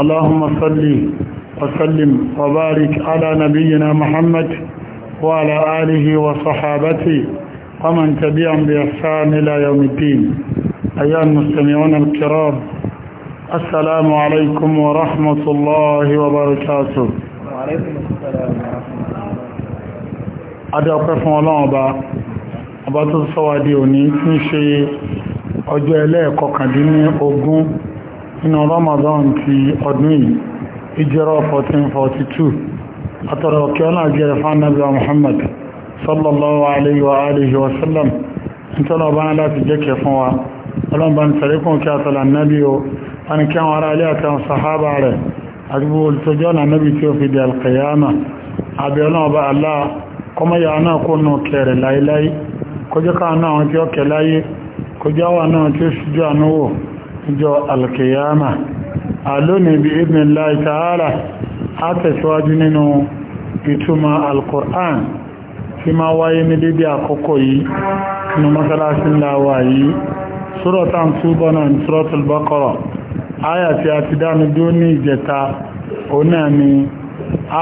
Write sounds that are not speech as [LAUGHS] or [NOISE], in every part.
اللهم صل وسلم وبارك على نبينا محمد وعلى آله وصحابته ومن تبعهم بإحسان إلى يوم الدين أيها المستمعون الكرام السلام عليكم ورحمة الله وبركاته وعليكم السلام ورحمة الله أدعوكم الله أبا أبا تصوى ديوني تنشي أجو إليه قوكا inú Ramadan ti ọdún yìí ìjẹ́rọ 1442 àtọ̀rọ̀ kí ọ́nà jẹ́rẹ̀ fánàbí Muhammad sallallahu alayhi wa alihi wa sallam ìtọ́lọ̀ bá ń láti jẹ́kẹ̀ fún wa ọlọ́mbà ń tàríkùn kí àtàlà nábi o a ní kí àwọn ará ilé àti àwọn sàhábà rẹ̀ àgbò olùtọ́jọ́ na nábi tí ó fi di alkayama àbẹ̀ ọlọ́mbà aláà kọmọ́yà náà kó jọ alkiyama alónìí bí idhnillahi ta'ala a tẹ̀síwájú nínú ìtumọ̀ alkur'an tí ma wáyé ní dédé àkókò yìí nínú mọ́sálásí láwà yìí sọ́rọ̀tà ń túbọ̀ náà ní suratul Baqara áyà tí a ti dánu dúró ní ìjẹta òun náà ni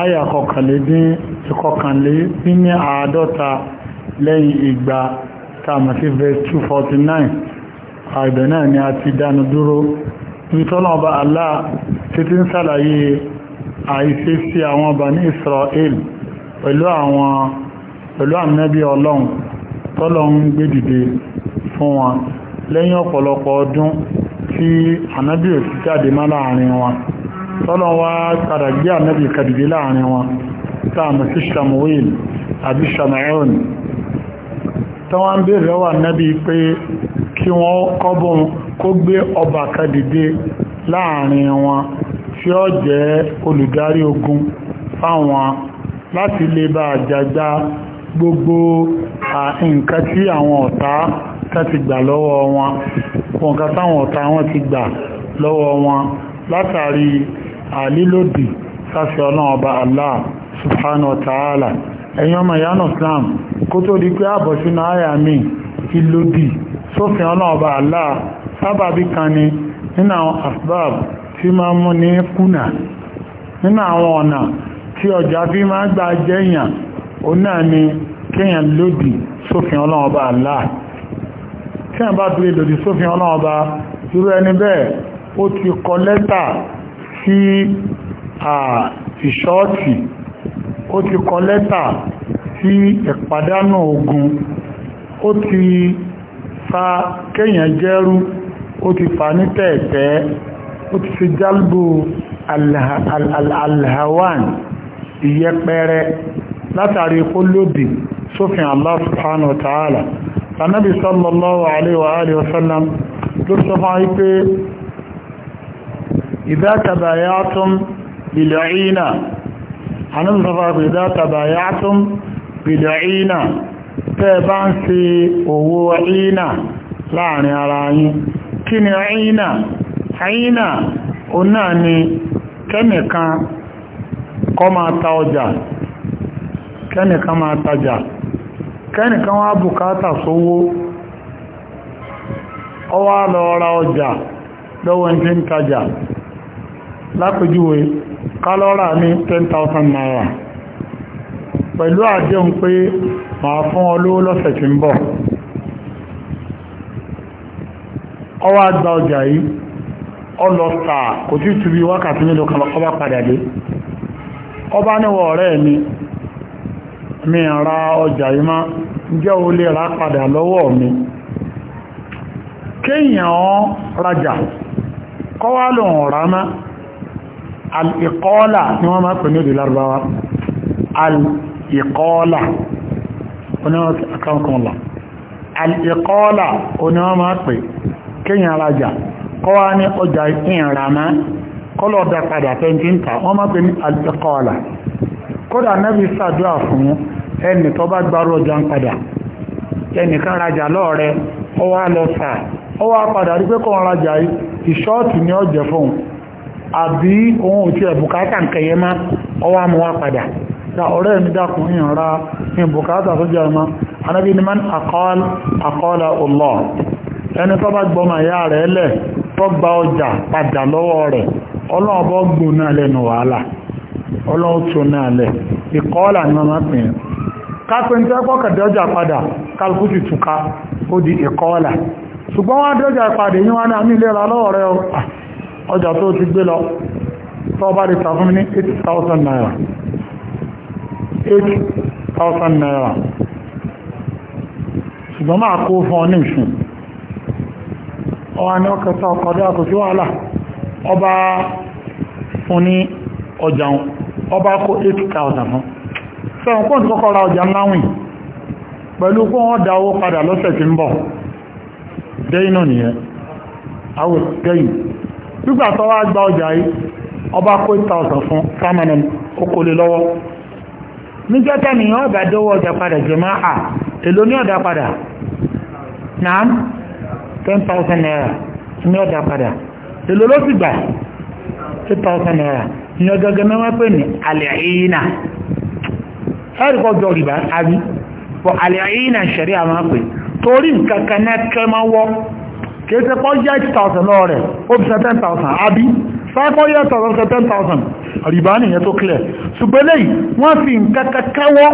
áyà kọkànlédín ìkọkànlédín ní àádọ́ta lẹ́yìn 249 àgbẹ̀ náà ni a ti dánu dúró nítọ́lọ́ọ̀bá Allah títí ń sàlàyé àìsí sí àwọn ọba ní Israel pẹ̀lú àwọn pẹ̀lú ànábì ọlọ́run tọ́lọ ń gbé dìde fún wọn lẹ́yìn ọ̀pọ̀lọpọ̀ ọdún tí ànábì ò sí jáde má láàrin wọn tọ́lọ wá padà gbé ànábì kàdìdé láàrin wọn táàmù sí Samuel àbí Samuel tó wọ́n ń bèèrè lọ́wọ́ ànábì pé kí wọ́n kọ́bùn kó gbé ọba kan dìde láàrin wọn tí ó jẹ́ olùdarí ogun fáwọn láti lè bá àjàgbá gbogbo nǹkan tí àwọn ọ̀tá kan ti gbà lọ́wọ́ wọn nǹkan táwọn ọ̀tá wọn ti gbà lọ́wọ́ wọn látàrí àlílòdì sáfẹ́ ọlọ́run ọba Allah subhanahu wa ta'ala ẹ̀yin ọmọ ìyá náà Islam kó tó di pé àbọ̀ṣúná àyà mi ti lòdì sófin ọlọ́ọ̀bà Allah sábàbí kan ni nínú àwọn asbab tí máa mú ní kùnà nínú àwọn ọ̀nà tí ọjà fi máa gbà jẹ́yàn ó náà ni kéèyàn lòdì sófin ọlọ́ọ̀bà Allah tí a bá fi lòdì sófin ọlọ́ọ̀bà irú ẹni bẹ́ẹ̀ ó ti kọ lẹ́tà sí ìṣọ́ọ̀tì ó ti kọ lẹ́tà sí ìpàdánù ogun ó ti fa kéèyàn jẹ́rú ó ti fa ní tẹ̀ẹ̀tẹ́ ó ti fi jálbù alhawan ìyẹpẹrẹ látàrí kó lòdì sófin Allah subhanahu wa ta'ala sanabi sallallahu alaihi wa alihi wasallam ló sọ fún wípé idha tabayatum bil'ina àníbi sọ bai za ta yàtún bìdà ìnà tẹ́ bá ń ṣe òwò ìnà láàrin ara kí ni ìnà ìnà o náà ni kẹ́nìkan kọ́ máa ta ọjà kẹ́nìkan máa tajà kẹ́nìkan wá bùkátà sówó ọ wá lọ ra ọjà lọ́wọ́ tí ń tajà lápèjúwe kálọ́rà ní 10,000 naira pẹ̀lú àdéhùn pé màá fún ọ lówó lọ́sẹ̀ tí ń bọ̀ ọwọ́ àgbà ọjà yìí ọlọ́ta kò tí tubi wákàtí mélòó kan ọba padà dé ọba níwọ̀ ọ̀rẹ́ mi mi ra ọjà yìí má jẹ́ o lè ra padà lọ́wọ́ mi kéèyàn rajà kọ́wá lòun ọ̀rá máa al-iqala ni wọ́n máa pè ní èdè lárúbáwá al-iqala oníwọ́n al-iqala oníwọ́n máa pè kíyàn alájà kọ́ wá ní ọjà ìrànmá kọ́lọ̀ dá padà fẹ́ntí wọ́n máa pè ní al-iqala kódà nẹ́bí sàdúrà fún ẹni tó bá gbárù ọjà ń padà ẹnìkan rajà lọ́ọ̀rẹ́ ọwá lọ sà ọwá padà rí ni ọjẹ́ àbí ohun òtí ẹ̀bùkátà nkẹyẹ má ọwọ́ àmọ́ wá padà ta ọ̀rẹ́ mi dákun yìí ra ní bùkátà tó jẹ́ ọmọ anábí ni man àkọ́ọ́l àkọ́ọ́lá ọlọ́ ẹni tó bá gbọmọ ìyá rẹ̀ lẹ̀ tó gba ọjà padà lọ́wọ́ rẹ̀ ọlọ́run bọ́ gbò náà lẹ́nu wàhálà ọlọ́run tó náà lẹ̀ ìkọ́ọ́là ni wọ́n máa pè é kápẹ́ntẹ́ ọjà tó ti gbé lọ tó bá lè ní 8000 naira 8000 naira ṣùgbọ́n máa kó fún ọ ní ìsìn ọwá ní ọkẹta ọkọ̀dé wàhálà ọba fún ní ọjà ọba kó 8000 fún sẹ́wọ̀n pọ́n ti ra ọjà ńláwìn pẹ̀lú kó wọ́n padà lọ́sẹ̀ tí ń náà nìyẹn àwọn dẹ́yìn nígbà tó gba ọjà yìí ọba kó 8,000 fún permanent okòlè lọ́wọ́ dówó ọjà padà jẹ̀mọ́ à èlò ní padà 10,000 naira ní padà èlò ló gbà 8,000 naira ní ọjọ́gẹ́ mẹ́wàá pè ní alẹ́ ìyínà jọ rìbá àbí kìí ṣe pọ́ yẹ́ 8000 lọ rẹ̀ ó fi ṣe 10000 àbí sáyẹ́pọ̀ yẹ́ 10000 àríbá nìyẹn tó clear ṣùgbọ́n lẹ́yìn wọ́n fi nǹkan kẹkẹ́wọ́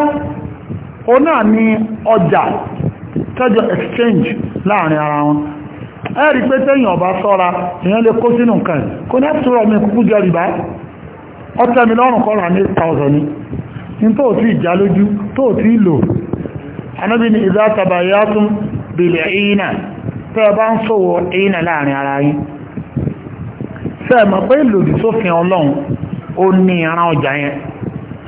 ó náà ní ọjà tẹ́jọ exchange láàrin ara wọn ẹ̀rí pé tẹ́yìn ọba sọ́ra èèyàn lè kó sínú nǹkan kò ní àtúrò ọmọ ìkúkú jọ rìbá ọtẹ́ mi lọ́rùn kọ́ra ní 8000 ni ní tó ti ìjà lójú tó ti lò anábì ni ìdá tàbàyà tún bèèrè ìyínà tẹ́ bá ń sọ̀wọ́ ẹ̀yìn náà láàrin ara yín sẹ́ẹ̀mọ̀ pé lòdì sófin ọlọ́run ó ní ìran ọjà yẹn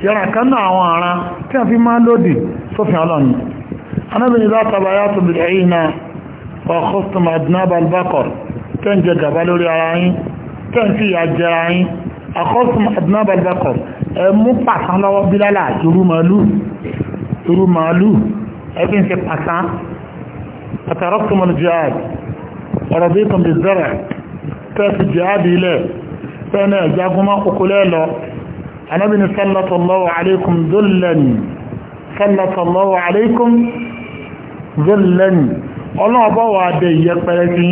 ìran kan náà àwọn ìran tí wọ́n fi máa lòdì sófin ọlọ́run anábìnrin látàbà yàtọ̀ bí ẹ̀yìn náà ọ̀kọ́sùtùmọ̀ adnaba albakor tẹ́ ń jẹ gàba lórí ara yín tẹ́ ń fi ìyà jẹ ara yín ọ̀kọ́sùtùmọ̀ lọ́wọ́ bílálà irú màálù irú màálù ẹ ń ṣe pàtàn أتركتم الجهاد ورضيتم بالزرع تأتي الجهاد إليه فأنا جاكما أقلالا أنا بن سلط الله عليكم ذلا سلط الله عليكم ذلا الله أبوى ديك بلسي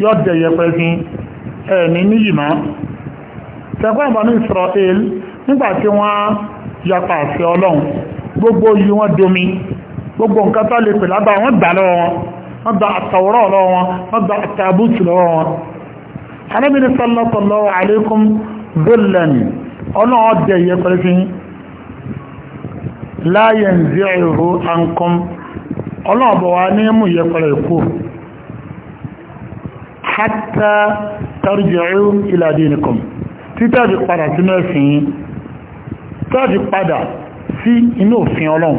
يد ديك بلسي ẹ̀ẹ̀ni níyìmá tẹ̀kọ́ ìbọn ní Israel nígbàtí wọ́n yapa àṣẹ Ọlọ́run gbogbo yìí domi gbogbo nǹkan tó lè pè lágbà wọ́n gbà lọ́wọ́ wọn wọ́n gba àtàwọ́rọ̀ lọ́wọ́ wọn wọ́n gba àtàbùtù lọ́wọ́ wọn anábìnrin sallallahu alaikum dhullan ọlọ́wọ́ dẹ̀ yẹ pẹ̀lú fi la yanzi'uhu ankum ọlọ́ọ̀bọ̀ wa sí inú òfin ọlọ́run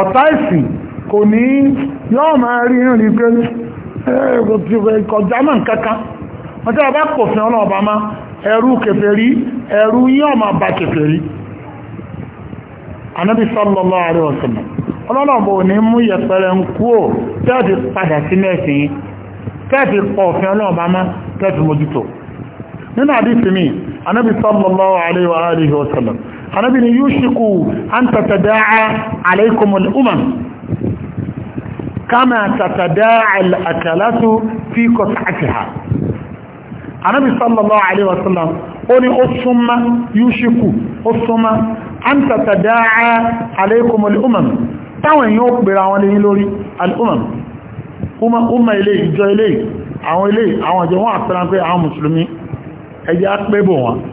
ọ̀tá ìsìn kò ní yọ́ máa rí rí pé kọjá náà kankan ọba kò ọba má ẹrú kèfèrí ẹrú yọ́ máa bá kèfèrí anábì sallallahu alaihi wasallam ọlọ́lọ́bọ̀ ní mú yẹpẹrẹ ń kú ò padà sí mẹ́sìn pọ̀ ọlọ́ọ̀bá anábì ni yushiku an tatadaa alaykumul umam kama tatadaa al-akalatu fi qat'atiha anábì sallallahu alayhi wa sallam ó ní ó súnmá yushiku ó súnmá an tatadaa alaykumul umam táwọn èèyàn ó pèrà wọn lẹ́yìn lórí al-umam umma ilé ìjọ ilé àwọn ilé àwọn ìjọ wọn àpẹran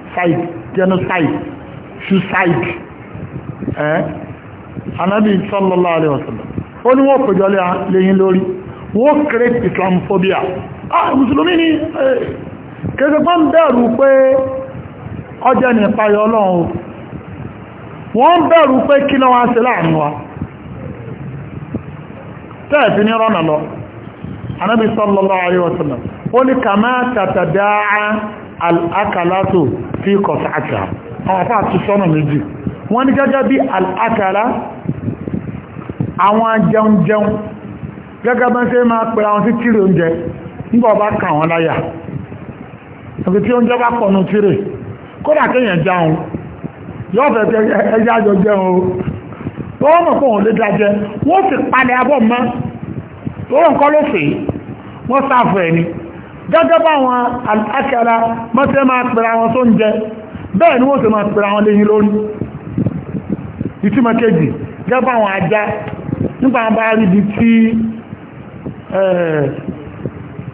side genocide suicide ẹ́ anábì sallallahu alaihi wasallam ó ní wọ́n pèjọ léyìn lórí wọ́n create islamophobia ah mùsùlùmí ni kẹsẹ̀ pọ́n bẹ̀rù pé ọjọ́ ní ìpayọ ọlọ́run wọ́n bẹ̀rù pé kí lọ wá sí láàrin wa tẹ́ẹ̀fì ní rọ́nà lọ anábì sallallahu alaihi wasallam ó ní kàmá al'akalatu fi kọ̀tà àtà àpá àti sọ́nà méjì wọ́n ni gẹ́gẹ́ bí al'akala àwọn jẹun jẹun gẹ́gẹ́ bẹ́ ṣe máa pẹ̀lú àwọn sí oúnjẹ nígbà ọba kà wọ́n láyà tí oúnjẹ bá pọ̀nù tírì kódà kéèyàn jáun yóò fẹ́ jọ jẹun o wọ́n mọ̀ wọ́n gẹ́gẹ́ bá wọn àkàrà mọ́sẹ́ máa pẹ̀rẹ̀ àwọn tó ń jẹ bẹ́ẹ̀ ni wọ́n sì máa pẹ̀rẹ̀ àwọn léyìn lórí ìtumọ̀ kejì gẹ́gẹ́ bá wọn ajá nígbà bá rí ibi tí eh,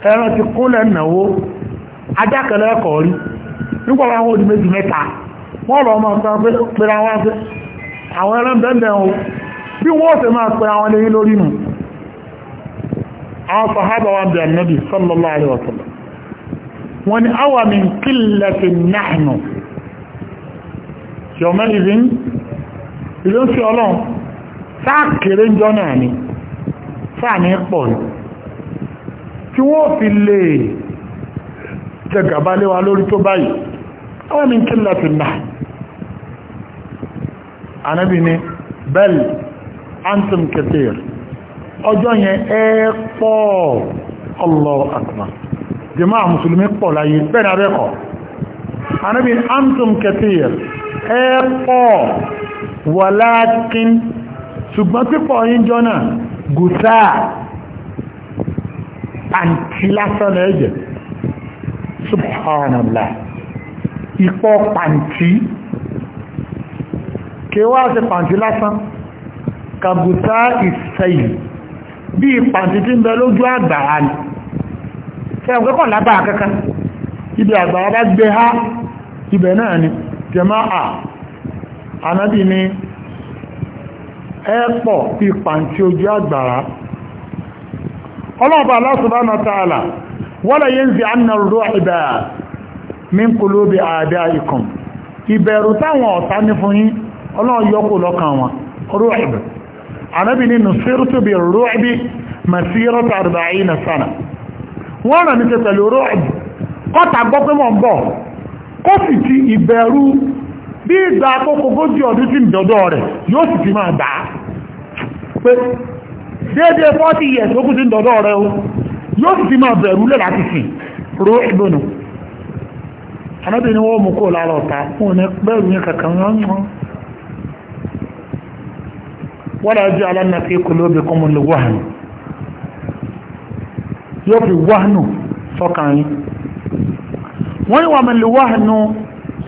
ẹran ti kúnlẹ̀ náwó ajá ẹ̀kọ́ rí nígbà bá wọn di méjì mẹ́ta wọ́n lọ máa pẹ̀rẹ̀ àwọn ẹran bẹ́ẹ̀ bí wọ́n sì àwọn sàhábà wa bí annabi sallallahu alaihi wasallam wọ́n ni awa min kílẹ̀fì náànù yọ̀mọ́ ìzín ìlú sí ọlọ́run sáà kéré ń jọ náà ni sáà ní pọ̀ ní tí wọ́n fi lè jẹgàbá lé lórí tó báyìí awa min kílẹ̀fì náà anábì ni bẹ́ẹ̀lì antum kẹsìrì ọjọ́ yẹn ẹ pọ̀ Allahu akbar jàmáà mùsùlùmí pọ̀ láyé bẹ́ẹ̀ni abẹ́kọ̀ anábì antum kathir ẹ pọ̀ walakin ṣùgbọ́n pípọ̀ yín jọ náà gùtà àǹtí lásán ẹ̀jẹ̀ subhanallah ipọ̀ pàǹtí kí wá sí pàǹtí lásán kàgùtà ìsẹ̀yìn bí ìpàǹtí tí ń bẹ lójú àgbàrá ni ṣẹ́wọ̀n kẹ́kọ̀ọ́ lábá kankan ibi àgbàrá bá gbé ha ibẹ̀ náà ni jẹmáà anábì ni ẹ́pọ̀ ìpàǹtí ojú àgbàrá ọlọ́ọ̀bà Allah subhanahu wa ta'ala wala ìbẹ̀rù táwọn ọ̀tá ní fún lọ́kàn wọn anabini ní nùsírtù bí rọ́ọ̀bì masírọ̀tù àrùbáyé na sánà wọ́n rà mí ṣe pẹ̀lú rọ́ọ̀bì kọ́ta gbọ́ pé wọ́n bọ̀ kó sì ti ìbẹ̀rù bí ìgbà àkókò gójì ọdún tí ń dọ́dọ́ rẹ̀ yóò sì ti máa dà á pé déédéé fọ́tí yẹ̀ tó kú sí ń dọ́dọ́ rẹ̀ o yóò sì ti máa bẹ̀rù lẹ̀ láti sìn ro ìgbónú anábìnrin wọ́n mú kó lára ọ̀tá fún ní bẹ́ẹ̀rù yẹn kankan yọ́n wala ja'alanna fi qulubikum al-wahn yóò fi wáhánù sọ́kàn yín wọ́n yíwa mẹ́ lè wáhánù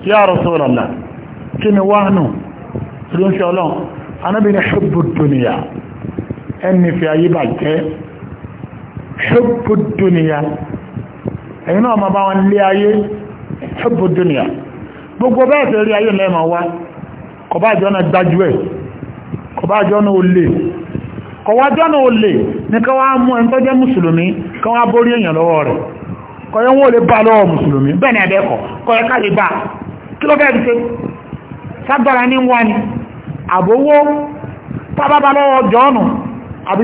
ya Rasulullah kí ni wáhánù ríńṣẹ́ ọlọ́n anábi ni ṣubù duniya ẹni fi ayé bà jẹ́ ṣubù duniya ẹ̀yìn náà ma bá wọn lé ayé ṣubù duniya gbogbo bẹ́ẹ̀ tẹ́ rí ayé lẹ́ẹ̀mọ̀ wá gbájú ẹ̀ kọba jọ́nà olè kọwa jọ́nà olè ní kọwa mú ẹni tó jẹ́ mùsùlùmí kọwa borí èèyàn lọ́wọ́ rẹ̀ kọyẹ wọ́n lè bá lọ́wọ́ mùsùlùmí bẹ́ẹ̀ ni ẹ̀bẹ́ẹ̀kọ́ kọyẹ bá kí ló bẹ́ẹ̀ ní wá ni àbówó tábábá lọ́wọ́ jọ́nù àbí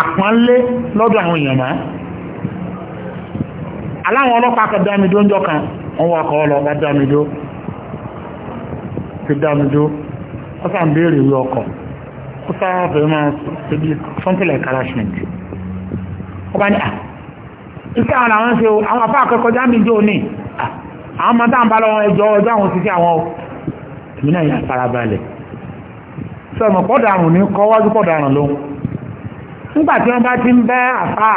àpọ́nlé lọ́dọ̀ àwọn èèyàn máa aláwọn ọlọ́pàá kan dámidó ń jọ kan wọ́n wọ́n kọ́ ọlọ́pàá dámidó ti dámidó ó sàn béèrè ìwé ọkọ̀ ó sáfẹ́ máa ṣe bí something like harassment ó bá ní à ah, iṣẹ́ àwọn àwọn ṣe àwọn afá akẹ́kọ̀ọ́ dámidó ní ah, àwọn ọmọ dáńbà lọ́wọ́ ẹjọ́ ọjọ́ àwọn òṣìṣẹ́ àwọn ìmínà ìyá farabalẹ̀ sọ ọmọ pọ́dà àrùn ní kọ́ wájú pọ́dà àrùn lóhun nígbà tí wọ́n bá ti ń bẹ́ àfáà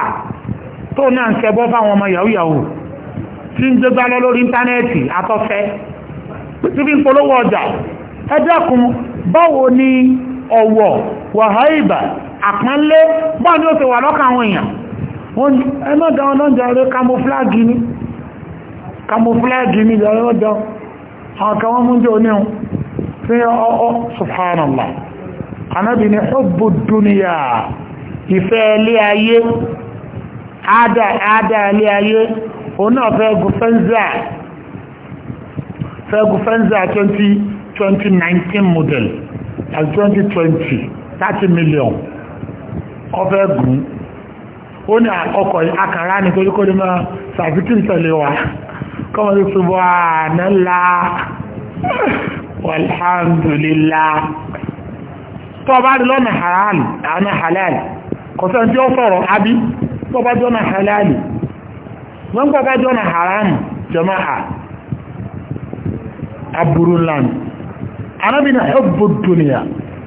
tó náà ń ṣẹbọ́ fáwọn ọmọ yahoo yahoo tí ń gbégbá lọ lórí íńtánẹ́ẹ̀tì atọ́fẹ́ tí fi ń polówó ọjà ẹ dákun báwo ni ọ̀wọ̀ wàháìbà àpánlé báwo ni ó ti wà lọ́kàn àwọn èèyàn ẹ má dáwọn lọ́njà rẹ kamofláàgì ni kamofláàgì ni ìjọ ọjọ́ àwọn kan wọ́n mú jẹ́ oníhun fi ọ́ subhanallah anábì ni hubbu dunya ìfẹ́ ilé ayé àádá ilé ayé òun náà fẹ́ gun fẹ́ńzà fẹ́ gun fẹ́ńzà 2019 model àti 2020 30 million ọfẹ́ gùn ó ní ọkọ̀ akàrá ní torí kó lè máa sàfikín tẹ̀lé wa kọ́mọ̀ sí ṣubọ́ ànálà walhamdulillah tó bá rí lọ́nà halal kọ̀sẹ̀ tí ó sọ̀rọ̀ àbí tó bá jọ́nà halali wọ́n bá jọ́nà haram jama'a aburú land arábìnà duniya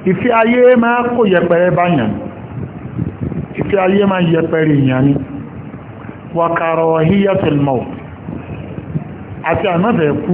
ìfẹ́ ayé máa kó yẹpẹrẹ báyàn ìfẹ́ ayé máa yẹpẹrẹ ìyàní wa karahiyatul maut àti ànáfẹ́ kú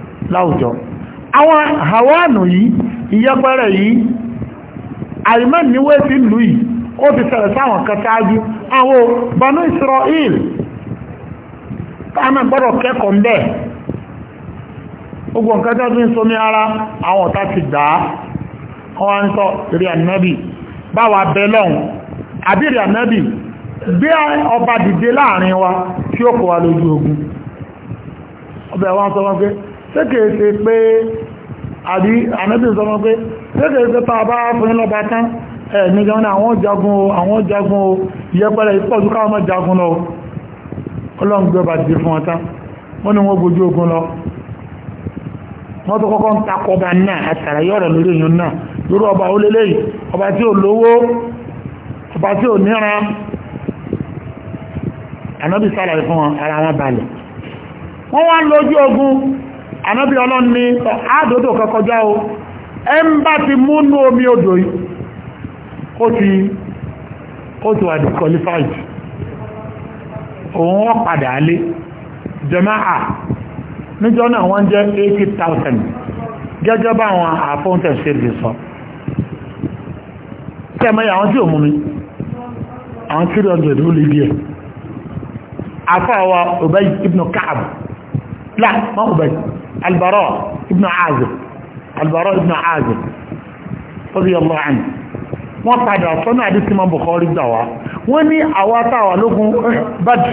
láwùjọ àwọn hawanu yìí ìyẹpẹrẹ yìí àìmọ́niwé sí ìlú yìí ó ti ṣẹlẹ̀ sáwọn kan ṣáájú àwọn Banu Israel káàmẹ́ gbọ́dọ̀ kẹ́kọ̀ọ́ mbẹ́ ogun nǹkan ọba dide wa ogun ọbẹ̀ wọn sékèèsè pé àbí ànábì sọmọ pé sékèèsè tá a bá fún lọ́ba tán ẹ̀ nígbà ní àwọn jagun o àwọn jagun o ìyẹ́pẹ̀rẹ̀ ìpọ̀jù káwọn mọ́ jagun lọ ọlọ́run gbé ọba ti fún ọtá wọ́n ní wọ́n gbójú ogun lọ wọ́n tó kọ́kọ́ ń takọba náà àtàràyọ̀ rẹ̀ lórí èèyàn náà lórí ọba ó lélẹ́yìí ọba tí ò lówó ọba tí ò níran ànábì sálàyé fún ara wọn balẹ̀ wọ́n wá lójú ogun ànábì ọlọ́run ní àádọ́dò kọkọjá o ẹ ń bá ti múnú omi odò yìí ó ti wà òun wọ́n padà alé jẹmáà níjọ́ náà wọ́n jẹ́ 80,000 gẹ́gẹ́ bá àwọn àfóúntẹ̀ ṣe sọ tẹ́mẹ́yà àwọn tí ò mú mi àwọn 300 ó lè díẹ̀ afọ́ لا ما هو بس البراء ابن عازب البراء ابن عازب رضي الله عنه wọ́n padà sọ́nà àdísí mọ́ Bukhari gbà wá wọ́n ní àwa táwa lógun bẹ́ẹ̀dì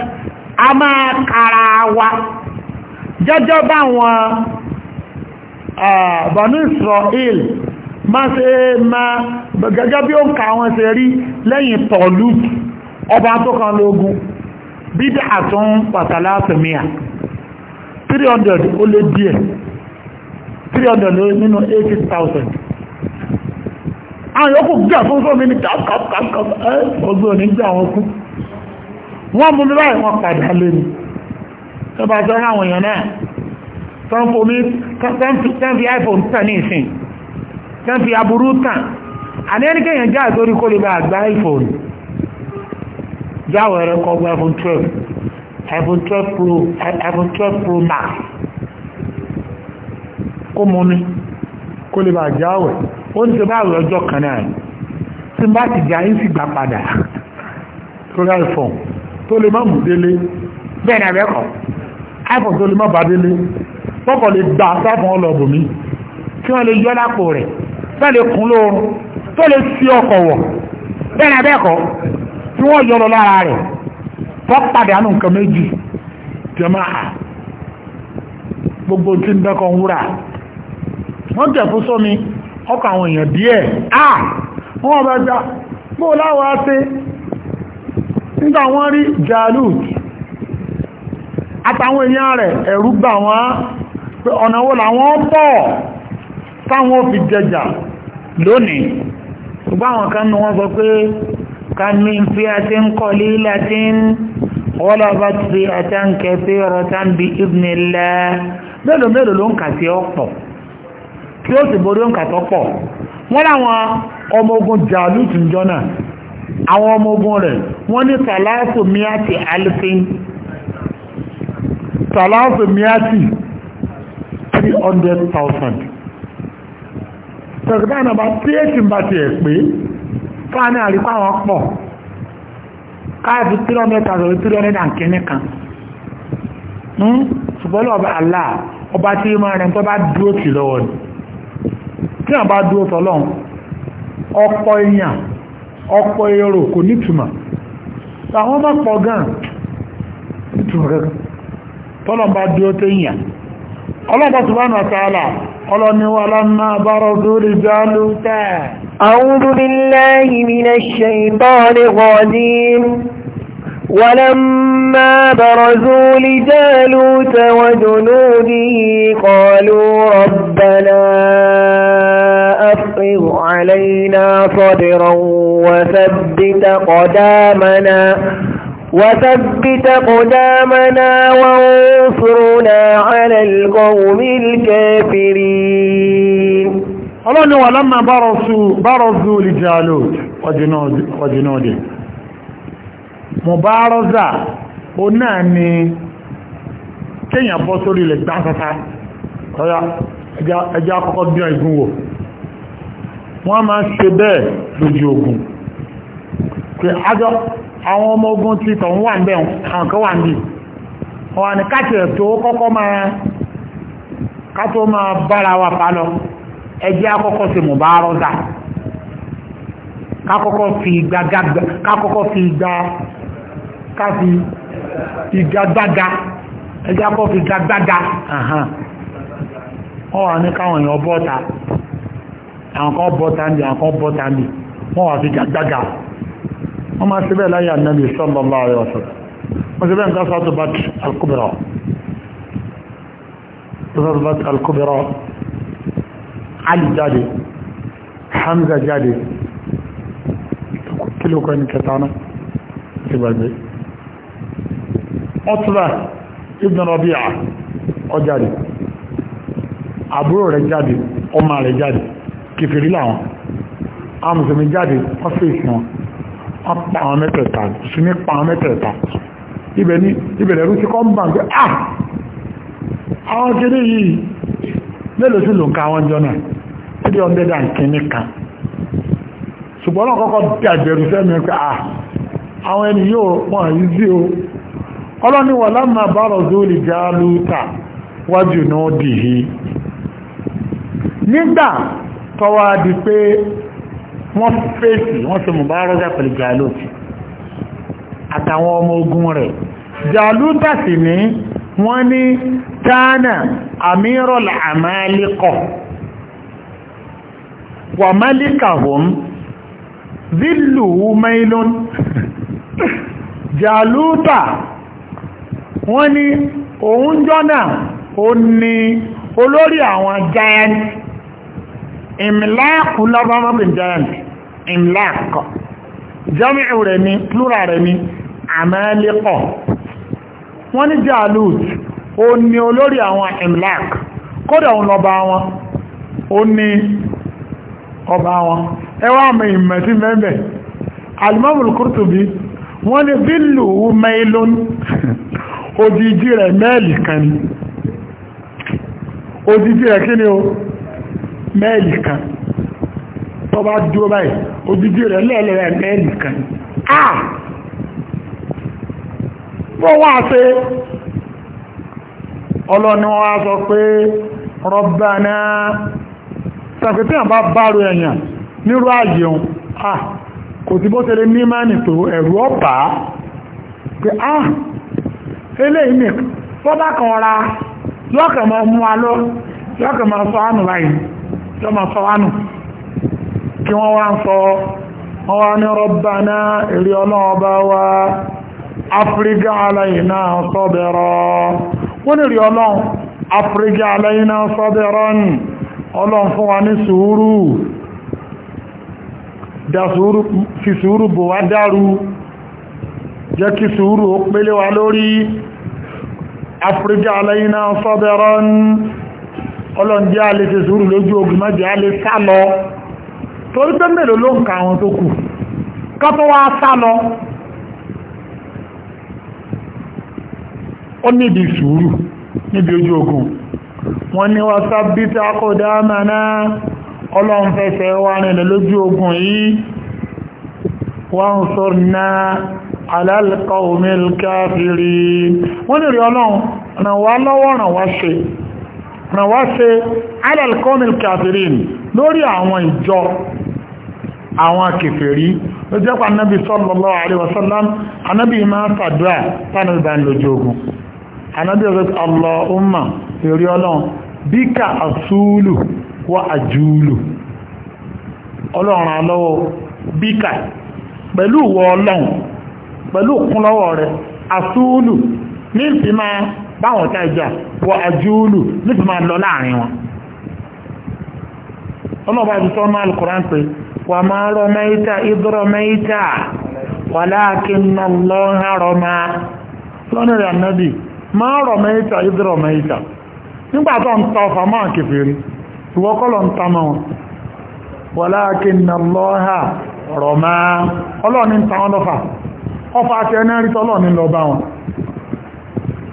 a máa kára wa jẹ́jọ́ báwọn Banu Israel máa ṣe máa gẹ́gẹ́ bí ó ń ka wọn ṣe rí lẹ́yìn tọ̀lú ọba tó kan lógun bídà àtún pàtàlá fèmíà 300 ó lé díẹ̀ 300 nínú 80,000 àwọn yòókù gbà fún fún mi ní kàkàkàkà ọgbẹ́ òní gbà wọn kú wọ́n mú mi báyìí wọ́n padà lé mi ẹbà sọ àwọn èèyàn náà tán fi iphone tàn ní ìsìn tán fi aburú tàn àní ẹnikẹ́yàn já àtórí kó lè bá àgbá iphone jáwọ̀ ẹ̀rẹ́ iphone 12 iphone twelve pro iphone twelve pro max kó mu mi kó lè bá a já wẹ̀ ó ní sọ́dọ̀ àwẹ̀ ọjọ́ kan náà ni tí n bá ti já yín sì gbà padà lórí iphone tó lè má mú délé bẹ́ẹ̀ ni abẹ́kọ̀ iphone tó lè má bá délé tọ́kọ̀ lè gbà sáfún ọlọ́ọ̀bù mi kí wọ́n lè yọ́ lápò rẹ̀ tó lè kún lóorun tó lè fi ọkọ̀ wọ̀ bẹ́ẹ̀ ni abẹ́kọ̀ tí wọ́n yọ lọ lára rẹ̀ tó pàdánù nǹkan méjì jẹmáà gbogbo tí ń bẹ́kọ̀ ń wúrà wọ́n jẹ̀ fún sómi ọkọ̀ àwọn èèyàn díẹ̀ àà wọ́n bá já bó láwọ́ á sí nígbà wọ́n rí Jalut àtàwọn èèyàn rẹ̀ ẹ̀rù gbà wọ́n pé ọ̀nà wo làwọn bọ̀ táwọn fi jẹjà lónìí ṣùgbọ́n àwọn kan ní wọ́n sọ pé ká ní fi àti ń lílẹ̀ ń غلبت فئة كثيرة بإذن الله mélòó mélòó ló ń kà sí ọ̀pọ̀ tí ó sì borí òǹkà tó pọ̀ wọ́n láwọn ọmọ ogun jàlúùtù jọ náà àwọn ọmọ ogun rẹ̀ wọ́n ní tàlàfù miati alifin tàlàfù miati three hundred thousand tẹ̀síkà náà bá tí èsì bá tiẹ̀ pé fáwọn àríkọ́ àwọn pọ̀ káàfi 300 àti 300 àkíní kan hmm? ṣùgbọ́n lọ́ọ̀bá ala ọba tí ìmọ̀ rẹ̀ tó bá dúró tì lọ́wọ́ ni tí wọ́n bá dúró tọ́lọ́n ọ̀pọ̀ èèyàn ọ̀pọ̀ èrò kò nítumọ̀ àwọn ọmọ pọ̀ gan bá ọlọ́ni ولما برزوا bára أعوذ بالله من الشيطان الرجيم ولما برزوا لجالوت وجنوده قالوا ربنا أفرغ علينا صدرا وثبت قدامنا وثبت قدامنا وانصرنا على القوم الكافرين ọlọ́ni wà lọ́mà bárọ̀sù lìjàlò ọjìnàdì mọ̀bárọ̀zà ó náà ni kíyàn bọ́ sórí ilẹ̀ gbáǹsátá ọ̀yá ẹjá kọ́kọ́ bí ẹ̀gún wò wọ́n máa ṣe bẹ́ẹ̀ lójú ogun pé ájọ́ àwọn ọmọ ogun ti tọ̀ ń wà ń bẹ̀ àwọn kan wà ń bì ọ̀wà ní káàkì ẹ̀tọ́ kọ́kọ́ máa ká tó máa bára wa pa lọ ẹjẹ́ akọ́kọ́ sí mọ̀ bá rọ́dà kákọ́kọ́ fi igba káfi igagbága ẹjẹ́ akọ́kọ́ fi igagbága ọ̀wà ní káwọn èèyàn bọ́ta àwọn kan bọ́ta ń àwọn kan bọ́ta ń wọ́n wà fi igagbága wọ́n máa ṣe bẹ́ẹ̀ láyé ànábì sallallahu alaihi wasallam wọ́n ṣe bẹ́ẹ̀ nǹkan sọ́tù bá al-kubra sọ́tù bá al-kubra Ali jáde Hamza jáde kí ló kọ́ ní kẹta náà ti gbàgbé Utba ibn Rabi'a ó jáde àbúrò rẹ̀ jáde ọmọ rẹ̀ jáde kìfìrí làwọn amùsùnmí jáde ọ́fíìsì wọn pa kò sí ní pa ibẹ̀ ní ibẹ̀ lẹ́rú ti kọ́ ń bà ń ah àwọn yìí mélòó sí ló ń jọ náà three hundred and kìíní kan ṣùgbọ́n náà kọ́kọ́ bí àjẹrù sẹ́mi pé ah àwọn ẹni yóò wọ́n o ọlọ́ni wà lámà bárọ̀ zóòlì já lúta wájú náà wọ́n fèsì wọ́n ṣe mùbárọ́gà pẹ̀lú jàlóòtì àtàwọn ọmọ ogun rẹ̀ jàlóòtà sì ní wọ́n ní tánà àmírọ̀l àmàlíkọ̀ wà málíkàhùn zílù mailun jàlóòtà wọ́n ní òun jọ́nà ó ní olórí àwọn giant ìmìláàkù lọ́bọ́mọ́ bin giant ìmìláàkù jami'u rẹ̀ ni plural rẹ̀ ni amẹ́lẹ́kọ̀ wọ́n ní jalut ó ní olórí àwọn ìmìláàkù kódà òun lọ́ba wọn ó ní ọba wọn ẹwà àmì ìmẹ̀tí mẹ́bẹ̀ alimọ́bùl kúrtùbí wọ́n ní bílù mẹ́lún odidi rẹ̀ mẹ́ẹ̀lì kan ni rẹ̀ kí ni o mẹ́ẹ̀lì kan tó bá dúró báyìí odidi rẹ̀ lẹ́ẹ̀lẹ́rẹ̀ mẹ́ẹ̀lì kan ah wọ́n wá pé ọlọ́ni wọ́n wá sọ pé rọ́bánà sàkìtì àbá bárò ẹ̀yàn nírú ààyè ah kò sí bó tẹ́lẹ̀ ní máa nìtò ẹ̀rù ọ̀bá pé ah eléyìí nìkan tó bá kan ra lọ́kàn máa mú wa lọ lọ́kàn máa sọ ánù báyìí yọ ma sọ wánù kí wọ́n wá ń sọ wọ́n wá ní rọ́bà náà èrè ọlọ́ọ̀bá wa áfíríkà aláyìn náà sọ́bẹ̀rọ wọ́n ní rí ọlọ́run áfíríkà aláyìn náà sọ́bẹ̀rọ ní ọlọ́run fún wa ní sùúrù fi sùúrù bò wá dàrú jẹ́ kí sùúrù ó pélé wa lórí áfíríkà aláyìn náà sọ́bẹ̀rọ ní ọlọ́njẹ́ a lè ṣe sùúrù lójú ogun mẹ́jẹ́ a lè sá lọ torí pé mélòó ló ń ka àwọn tó kù ká tó wá sá lọ ó níbi sùúrù níbi ojú ogun wọ́n ní wá sábítà kò dáàmà náà ọlọ́run fẹsẹ̀ wá rìnlẹ̀ lójú ogun yìí wọ́n sọ̀rọ̀ náà alálẹ́kọ̀ọ́ omi káfíìrì wọ́n ní rí ọlọ́run ràn wá lọ́wọ́ ràn wá ṣe ràn wá ṣe alẹ́lẹ́kọ́mìl kàfírin lórí àwọn ìjọ àwọn kèfèrí ló jẹ́ pa anábì sallallahu alaihi wasallam anábì máa sàdúrà tánàbì bá ń lójú ogun anábì ọ̀sẹ̀ Allahumma eré ọlọ́run bíkà àsúlù wà àjúlù ọlọ́run alọ́wọ́ bíkà pẹ̀lú ìwọ báwọn tá ìjà wọ àjúlù ló ma máa lọ láàrin wọn ọlọ́ba ti tọ́ máa lùkùrán pé wà máa rọ mẹ́ta ìdúrọ̀ mẹ́ta wà láàkín náà lọ́hàn rọ máa lọ́nà rẹ̀ ànábì máa rọ mẹ́ta mẹ́ta nígbà tó ń ta máa ìwọ ń ta mọ́ wọn wà rọ ọlọ́ọ̀ni ń ta wọn lọ́fà àti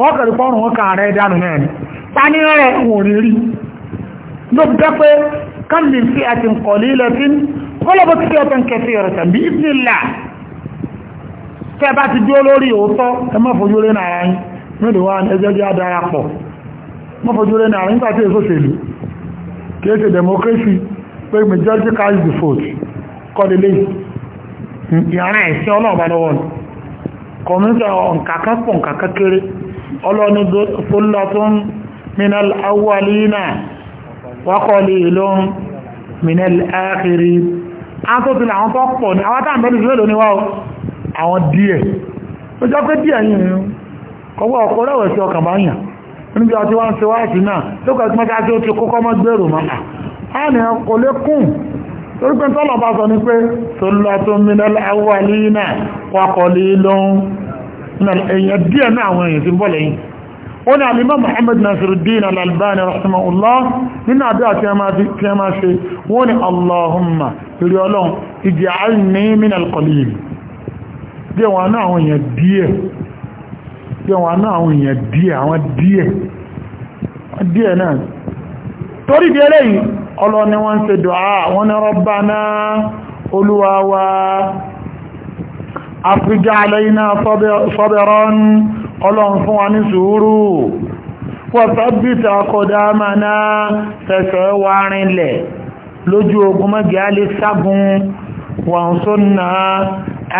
wọ́n kẹ̀rì fọ́rùn wọn kàn rẹ̀ dánù náà ni ta rẹ̀ wọ́n rí ló jẹ́ pé kánbí sí àti nkọ̀lí lẹ́tín kọ́lọ́bọ̀ tí ó tán kẹfì rẹ̀ tàbí ìpínlẹ̀ tẹ́ bá ti dúró lórí òótọ́ ẹ má fojú rẹ̀ náà yín mẹ́rin wá ẹjẹ́ jẹ́ adarapọ̀ má fojú ọlọ́ni fúlọ́tún minal awwalina wa qalilun minal akhirin a tó tilẹ̀ àwọn tó pọ̀ ní àwọn tàbí ìlú níwá àwọn díẹ̀ ó jọ pé díẹ̀ yìí kọwọ́ ọkọ̀ rẹ̀wẹ̀ sí ọkàn bá yàn níbi ọtí wá ń ṣe wáàsí náà tó kọ̀ ìpínlẹ̀ tí ó ti kọ́kọ́ mọ́ gbèrò mọ́ èèyàn díẹ̀ náà àwọn èèyàn ti ń bọ̀ lẹ́yìn ó ní alimọ́ Muhammad Nasiruddin al-Albani rahimahullah nínú àdúrà tí a máa ṣe wọ́n ni Allahumma ìrì ọlọ́run ij'alni min al-qalil díẹ̀ wọn náà àwọn èèyàn díẹ̀ díẹ̀ wọn náà àwọn torí di eléyìí ọlọ́ni wọ́n ń ṣe dùá wọ́n ní Rabbana olúwa wa afirja aláìná sọ́bẹ̀rán ọlọ́run fún wa ní sùúrù pọ̀tọ́bìtà kọ̀dá máa ná fẹsẹ̀ wa rinlẹ̀ lójú ogun mẹ́gẹ́ alẹ́ ságun wọ́n sọ́nà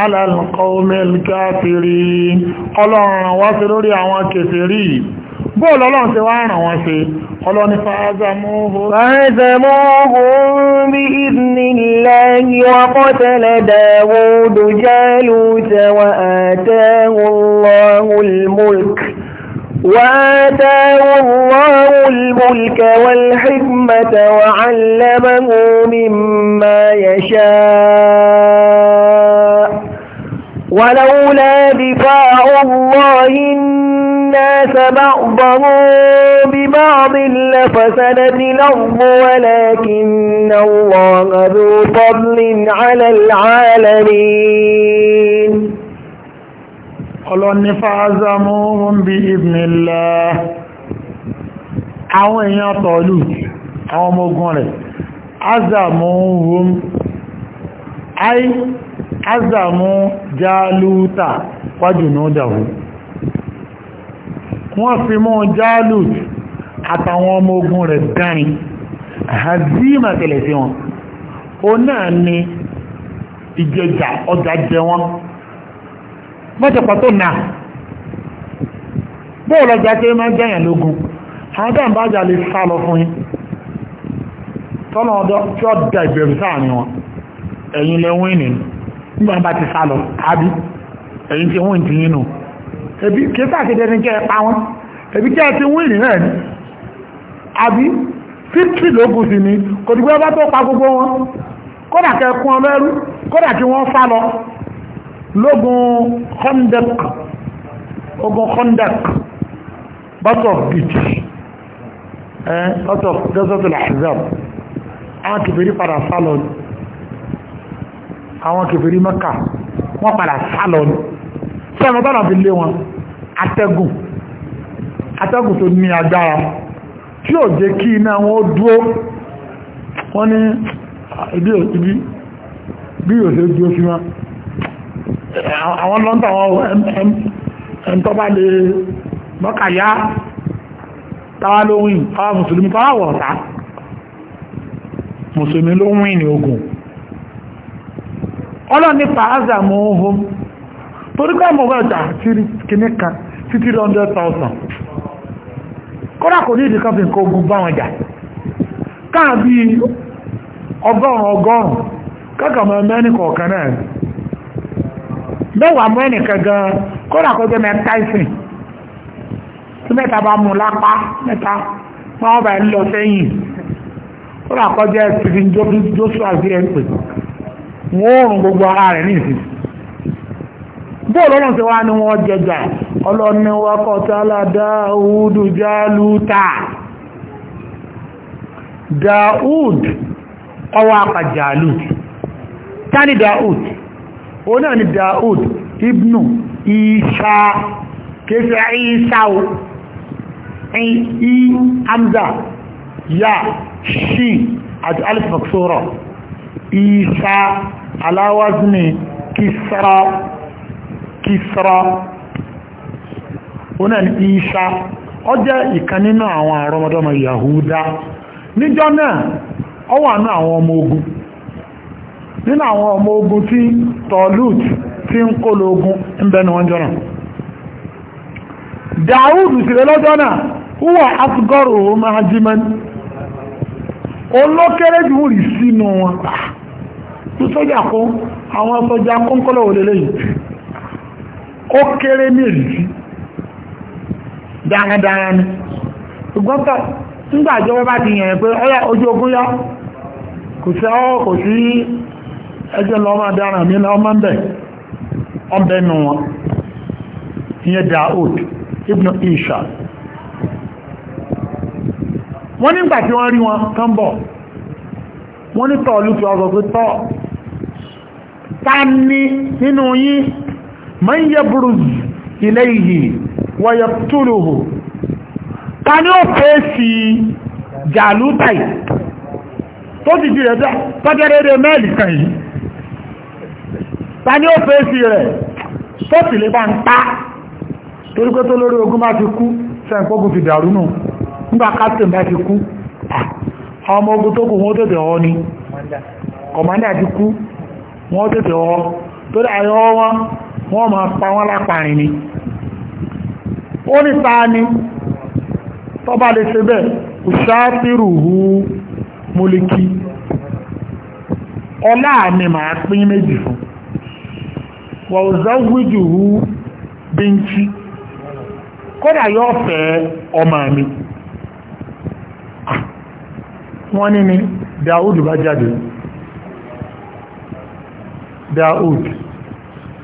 alàlùkọ́ omi kẹfìrí ọlọ́run wá sí lórí àwọn kèfèrí bọ́ọ̀lọ́ lọ́n se wá ràn wọ́n se ọlọ́ ni fàázàmọ́ وآتاه الله الملك والحكمة وعلمه مما يشاء ولولا دفاع الله الناس بعضهم ببعض لفسدت الأرض ولكن الله ذو فضل على العالمين ọlọ́ni fàázàmúhùn bí ìbìnlẹ̀ àwọn èèyàn tọ̀lú àwọn ọmọ ogun rẹ̀ azàmúhùn ai azàmú jálúta wájú ní ó dàwó wọ́n fi mọ́ Jáálùt àtàwọn ọmọ ogun rẹ̀ dárin hazima tẹ̀lẹ̀ sí wọn o náà ni ìjẹjà ọjà jẹ wọn mọ́tò pàtó náà bóòlù ọjà tí ó máa jẹ́yàn lógun àwọn dáhùn bá jà lè sá lọ fún yín tọ́nà ọdọ́ tí ó da ìbẹ̀rù sáàrin wọn ẹ̀yin lẹ́wọ́n ìnìyàn nígbà bá ti sá lọ àbí ẹ̀yin ti wọ́n ìdíyìn nù ẹbí kéfàkéde ní kẹ́ pa wọn ẹbí kẹ́ ti wíìlì náà ni àbí fífì lókùn sí ni kò dìgbẹ́ bá tó pa gbogbo wọn kódà kẹ́ kún ọmọ ẹrú kódà kí wọ́n fà lọ lógun Khandaq ogun Khandaq battle of beach ẹ́ battle of desert al àwọn kèfèrí padà sálọ ni àwọn kèfèrí Mẹ́kà wọ́n padà sálọ ni sẹ́mọ̀ tọ́nà fi lé wọn atẹ́gùn atẹ́gùn tó ní agbára tí ò jẹ́ kí iná wọn dúó wọ́n ní ah, ibi òsìbí bí òsè dúó sí wọn àwọn lọ́ntà wọn ẹ̀ntọ́ bá lè mọ́kàyá táwa ló wìn táwa mùsùlùmí táwa wọ̀ mùsùlùmí ló wìn ní ogun ọlọ́ni pàázà mọ́ ohun torí pé mọ̀ wẹ́ẹ̀dà sírí kìíní kan sí 300,000 kọ́dà kò ní ìdíkan fi nǹkan ogun bá wọn jà káà bí ọgọ́rùn ọgọ́rùn kẹ́kọ̀ọ́ mọ mẹ́rin kọ̀ọ̀kan náà mẹ́wàá mẹ́rin kan gan kọ́dà kó jẹ́ mẹ́ta ìsìn tí mẹ́ta bá mú lápá mẹ́ta wọ́n bá ń gbogbo ara rẹ̀ ní ìsinsìn bó lọ́rùn sí wá ní wọ́n jẹjà ọlọ́ni wa kọtálà dáúdù jálúta dáúd ọwọ́ apà jálút tani dáúd o náà ni dáúd ibnu isa kéfì ìsáwò ìyí hamza ya shi àti alif isa aláwázni kisra isra ó náà ní isha ó jẹ́ ìkan nínú yahuda níjọ́ náà ó wà ọmọ ogun nínú àwọn ọmọ ogun tí tọ́lùt tí ń kó ogun ń bẹnu wọn jọ́nà dáúdù sílẹ̀ lọ́jọ́ náà asgọ́rù ohun mahajiman olókéré jù ó kéré ní ìrísí dáradára ni ṣùgbọ́n tó nígbà ìjọba bá ti yẹn pé ọyá ojú ogun yá kò sí ọ́ kò sí ẹjọ́ lọ máa dára mi lọ máa ń bẹ̀ wọn ìyẹn Daud ibn Isha wọ́n nígbà tí wọ́n rí wọn tán bọ̀ wọ́n ní tọ́ọ̀lù tí wọ́n pé tọ́ ta ni nínú yín man yabruz ilayhi wa yaqtuluhu ta ni ó fèsì jàlútàì tó ti jù rẹ̀ tọ́jẹ́rẹ́rẹ́ mẹ́lì kan yìí ta ni ó fèsì rẹ̀ tó sì lè bá ń pa torí tó lórí ogun bá ti kú sẹ́ǹkógun ti dàrú nù nígbà captain bá ti kú ọmọ ogun tó kù wọ́n tètè ọ ni commander ti kú wọ́n tètè ọ tó dáa wọn wọ́n máa pa wọ́n lápàrin ni ó ní ta ni tọ́ba lè ṣe bẹ́ẹ̀ òṣàfihàn hu mólíkì ọlá mi máa pín méjì fún wọ́n òṣàwíjù hu bíntì kódà yóò fẹ́ ọmọ mi wọ́n ní ni Dáúdù bá jáde Dáúdù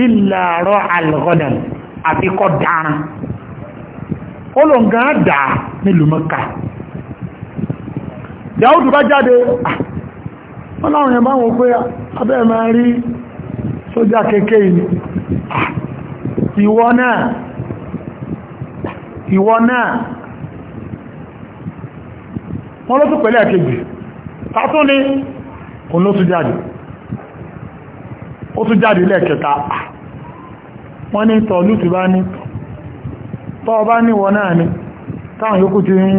ìlàrọ̀ alìkọ́dàn àti kọ́ dáran olóǹgá dà nílùú mọ́ká dáúdù bá jáde ah, wọ́n láwọn yẹn bá wọ́n abẹ́ máa rí sójá kéèké ìní ah, ìwọ náà ìwọ náà wọ́n ló tún pẹ̀lẹ̀ kejì tátún ní òun ló tún jáde ó tún jáde lẹ́ẹ̀kẹta wọ́n ní tọ̀ lùtù bá ní tọ́ ọba níwọ̀ náà ni táwọn yòókù ti ń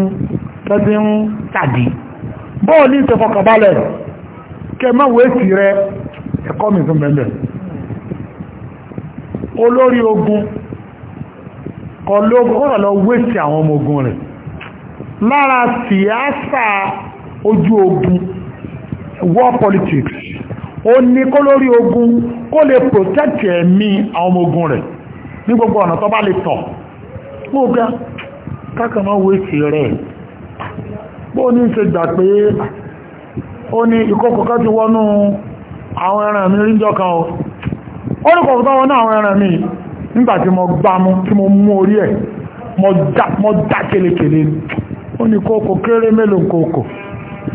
tẹ́tí ń tàdí bọ́ọ̀ ní ìtẹ́fọkànbalẹ̀ kẹ mọ́wọ́ èsì rẹ ẹ̀kọ́ mi tún bẹ̀rẹ̀ olórí ogun kọ lọ́gbọ́n lọ wéṣì àwọn ọmọ ogun rẹ̀ lára síyásà ojú ogun war politics ó ní kó lórí ogun kó lè protect ẹ̀mí àwọn ọmọ ogun rẹ̀ ní gbogbo ọ̀nà tó bá lè tọ̀ gbóga kákàmọ́ wéṣì rẹ̀ bó ní ṣe gbà pé ó ní ìkókòkò ti wọnú àwọn ẹran mi kan o ó ní kòkòkò wọnú àwọn ẹran mi nígbà tí mo gbá mú tí mo mú orí ẹ̀ mo dá kelekele ó ní kókò kéré mélòó kókò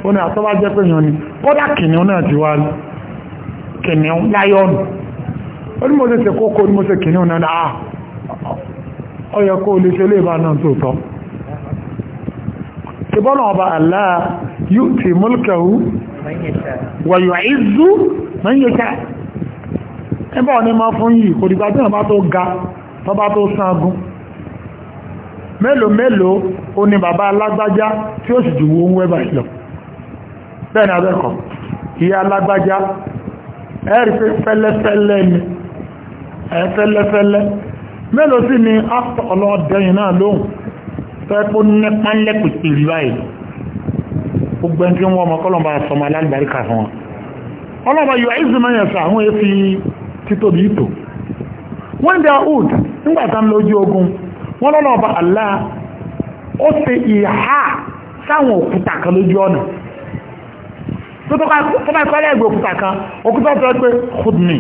ó ní pé yàn kódà kìnìún ti wá kìnìún láyọ̀nù ó ní mo ṣe ṣe kókó ní mo ṣe kìnìún náà dáa ah, ó kó lè ṣe lè náà tó tọ́ ṣùgbọ́n ọba Allah yóò ti mulkahu wa yu'izzu man yasha ẹbọ́ ní ma fún yìí kò dìgbà tí wọ́n bá tó ga tó bá tó sangun mélòó mélòó o ní bàbá alágbájá tí ó sì jù abẹ́kọ̀ọ́ ìyá alágbájá ẹ̀rí fẹ́lẹ́fẹ́lẹ́ ni ẹ̀fẹ́lẹ́fẹ́lẹ́ mélòó sí ni after ọlọ́dẹ̀yìn náà lóhùn fẹ́ kó nípa lẹ́pìtì rí báyìí gbogbo ẹni tí wọ́n mọ̀ kọ́lọ̀mbà sọmọ alágbàríkà fún wọn ọlọ́mọ yóò ẹ̀sìn mẹ́yàn sọ àwọn títóbi ìtò wọ́n ń da hood nígbà tá lójú ogun wọ́n lọ́nà ọba Allah ó ṣe ìhà sáwọn òkúta kan tó bá kọ́lẹ̀ ẹgbẹ̀ òkúta kan òkúta tó pé kùdùmí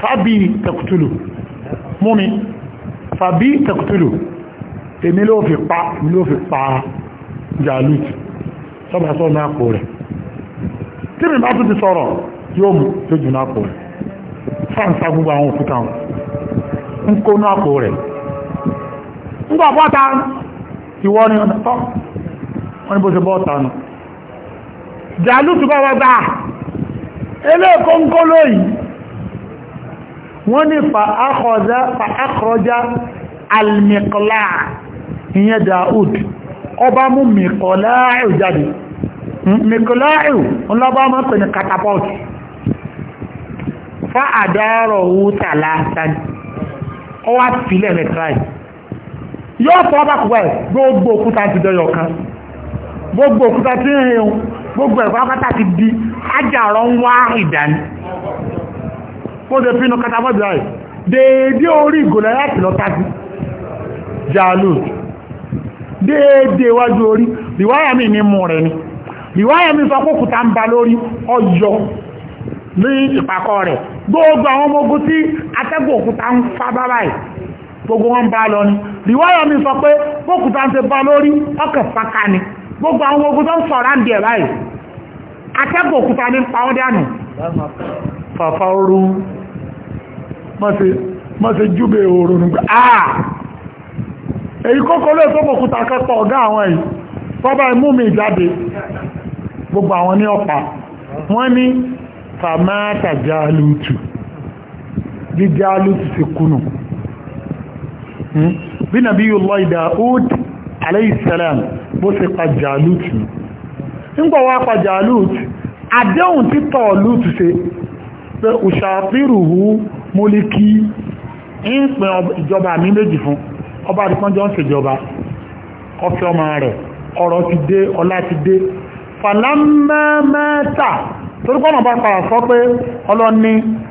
fàbí tẹkùtùlù mú mi fàbí tẹkùtùlù èmi ló fi pa èmi ló fi pa jalut sọ́bà sọ́ náà kò rẹ̀ tí mi bá tún ti sọ̀rọ̀ yóò mú tó jù náà kò rẹ̀ fáǹsá gbogbo àwọn òkúta wọn ń kó náà kò rẹ̀ ń gbà bọ́ta ìwọ ni ọ̀nà tọ́ wọ́n ni bó ṣe bọ́ta náà jàlútù bá wọ́n bá eléèkóńkóló yìí wọ́n ni fa akọ̀ọ́já alìmìkọ̀lá ìyẹn Daud ọba mú mìkọ̀láàrù jáde mìkọ̀láàrù ọlọ́bá mọ́ pẹ̀lú fa àdárọ̀ wúta ọwá sílẹ̀ rẹ̀ yóò fọ́ bá gbogbo òkúta ti dẹ́yọ̀ kan gbogbo òkúta tí ń hìn gbogbo ẹ̀kọ́ akátá ti di ájàrọ̀ ń wá ìdání ó dé pínú katamọ́bì ráì déédé orí ìgòlẹ̀ láti lọ tájú jàlù déédé iwájú orí ìwáyà mi ní mú rẹ̀ ni ìwáyà mi sọ pé òkúta ń ba lórí ọjọ́ ní ìpàkọ́ rẹ̀ gbogbo àwọn ọmọ gbogbo wọn bá lọ ni ìwáyà mi sọ pé òkúta ń ṣe ba lórí ọkẹ̀ fáká ni gbogbo àwọn ogun tó ń sọ̀rá ń bí ẹ̀ báyìí atẹ́gbò òkúta ní pàwọ́ dánù fàfà orú mọ́sí júbẹ̀ òòrùn nígbà àà èyí kọ́kọ́ lè tó òkúta ọ̀gá gbogbo àwọn ní ọ̀pá wọ́n ní fàmáàtà jálùtù jíjálùtù ti kùnù hmm? bí nàbí yóò lọ ìdá aleyhisselam bó ṣe pa Jalut nígbà wá pa Jalut àdéhùn tí Tọ̀lút ṣe pé òṣàfihù múlíkì ń pín ìjọba mi méjì fún ọba àdìpọ́njọ́ ń ṣèjọba ọfẹ́ ọmọ rẹ̀ ọ̀rọ̀ ti dé ọlá ti dé fàlámẹ́mẹ́ta torúkọ́nà bá pa àsọ pé ọlọ́ni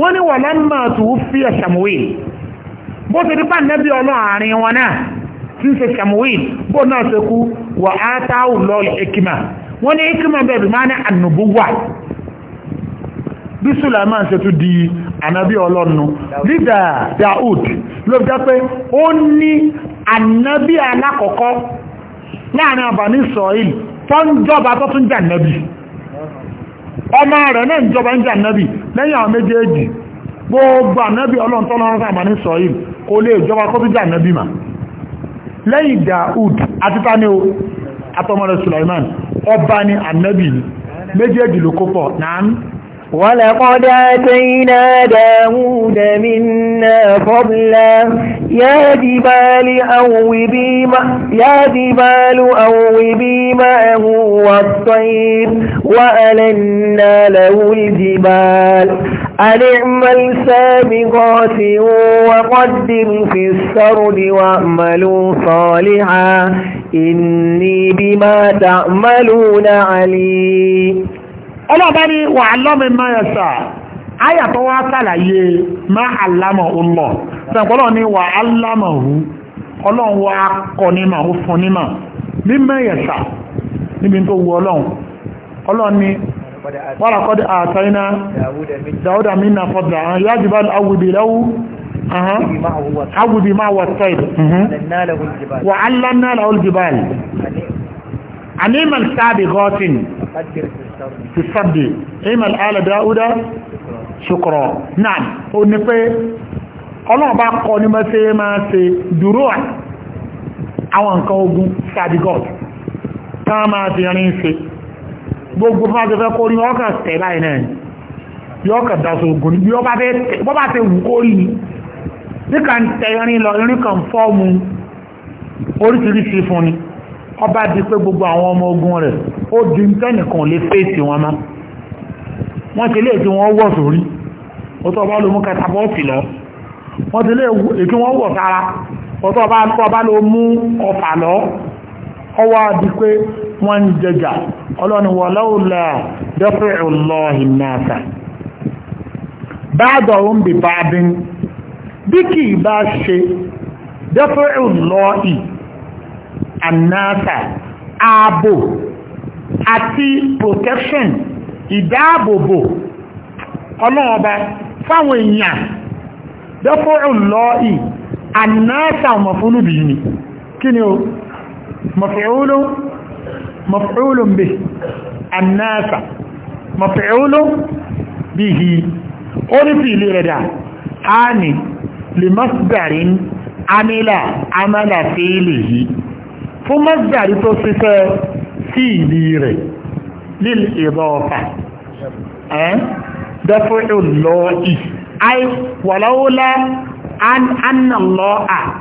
wọ́n ní wà lọ́nà tó fi ṣàmùwìl bó ti rí báyìí nẹ́bí ọlọ́ àárín wọn náà tí ń ṣe ṣàmùwìl bó náà ṣe kú wà á táwù lọ ìkìmà wọ́n ní ìkìmà bẹ́ẹ̀ bí máa ní ànùbúwà bí Sulaiman ṣe tún di ànábí ọlọ́nu lídà Daud ló fi jẹ́ pé ó ní ànábí alákọ̀ọ́kọ́ láàrin àbáni sọ̀ọ́ìl tó ń jọba tó tún jẹ́ ànábí ọmọ rẹ̀ náà ìjọba ń jà nẹ́bì lẹ́yìn àwọn méjèèjì gbogbo ànẹ́bì ọlọ́ntọ́lọ́rọ́ sàmà ní sọ̀yìn kò lè ìjọba kó jà nẹ́bì mà lẹ́yìn o Sulaiman ọba ni ànẹ́bì méjèèjì ló ولقد آتينا داود منا فضلا يا جبال أوبي يا جبال أوبي معه والطير وألنا له الجبال أن اعمل سابقات وقدم في السرد واعملوا صالحا إني بما تعملون عليم ọlọ́ọ̀bá ní wà lọ́mí mẹ́ẹ̀sà ayàtọ̀ wá sàlàyé má àlámọ̀ ọlọ́ sẹ̀kọ́lọ́ ní wà àlámọ̀ hù ọlọ́run wá kọ nímọ̀ ó fún nímọ̀ ní mẹ́ẹ̀sà níbi tó wù ọlọ́run ọlọ́run ní wàlàkọ́dé àtàyínà dáúdà mínà fọ́dà yájúbá awùdí lẹ́wù awùdí máa wà sẹ́ẹ̀d wà á lánàá làwọn jìbá fi sábì ìmọ̀ alẹ́ dáúdá ṣùkọ̀rọ̀ náà ó ní pé ọlọ́ọ̀bá kọ ní mọ́ sí máa ṣe dúró àwọn nǹkan ogun sáàdì god tá máa fi rin ṣe gbogbo fún àjọfẹ́ kó rí ọkà tẹ̀ láì náà yóò kà dáṣọ ogun ní bí ó bá fẹ́ wù kó rí ni níkà ń tẹ irin lọ irin kan fọ́ọ̀mù oríṣiríṣi fún ni ọba di pé gbogbo àwọn ọmọ ogun rẹ̀ ó di nǹkanìkan lè fèsì wọn mọ́ wọ́n ti lè tí wọ́n wọ̀ sórí ó tọ́ bá ló mú katapọ́ọ̀tì lọ wọ́n ti lè tí wọ́n wọ̀ sára ó tọ́ bá ló mú ọfà lọ ọwọ́ di pé wọ́n ń jẹjà ọlọ́ni wọ̀ lọ́wọ́lá dẹ́fẹ́ ọlọ́hìn náà ta báàdọ̀ ń bè bá bín bí àti protection ìdáàbòbò ọlọ́run ọba fáwọn èèyàn dẹ́kọ̀ ọlọ́ọ̀ì ànáàtà mọ̀fúnú bìí ni kí ni o mọ̀fẹ̀ẹ́lú mọ̀fẹ̀ẹ́lú bè ànáàtà mọ̀fẹ̀ẹ́lú bìí ó ní fi ilé rẹ̀ dà á ní lè mọ́sídàrí amílà amálà fèèlè yìí fún mọ́sídàrí tó ṣiṣẹ́ fíìlì rẹ̀ líl ìdọ́ọ̀fà dẹ́fẹ́ ìlọ́ọ̀ì ai wàláwọ́lá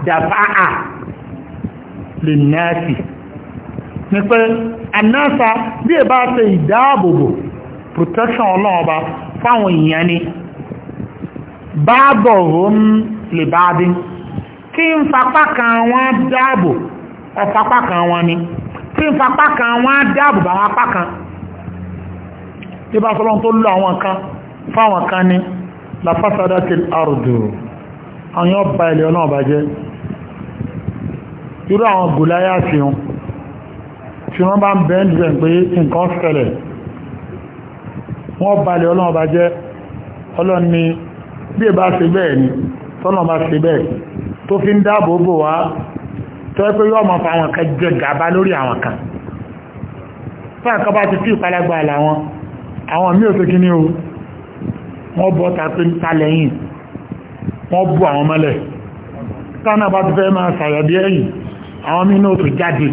dàbà à lè náàfi ní pé annáta bí ẹ bá ṣe ìdáàbòbò protection ọlọ́ọba fáwọn èèyàn ni báàbọ̀ òun lè bá dín kí n fapá kan dáàbò ọ̀fapá kan ni. tí ń fa apá kan wọ́n á dáàbò bá wọn apá kan tí bá fọ́lọ́n tó lọ àwọn kan fáwọn kan ní lafásádá ti àrùdù àwọn ọba ilẹ̀ ọ̀nà ọ̀bàjẹ́ irú àwọn gòláyà sí wọn tí wọ́n bá ń bẹ́ẹ̀ndì rẹ̀ pé nǹkan ṣẹlẹ̀ wọ́n balẹ̀ ọlọ́run ọba jẹ́ ọlọ́run ni bí ẹ bá ṣe bẹ́ẹ̀ ni tọ́lọ́run bá ṣe bẹ́ẹ̀ tó fi ń dáàbò bò wá tó pé yóò mọ̀ fáwọn kan jẹ gàba lórí àwọn kan fún àkọ́bá ti fi ìpalágbà làwọn àwọn mí ò tó kí ní o wọ́n bọ́ ta pé ta lẹ́yìn wọ́n bú àwọn mọ́lẹ̀ tánà bá ti fẹ́ máa sàyẹ̀bí ẹ̀yìn àwọn mí náà tó jáde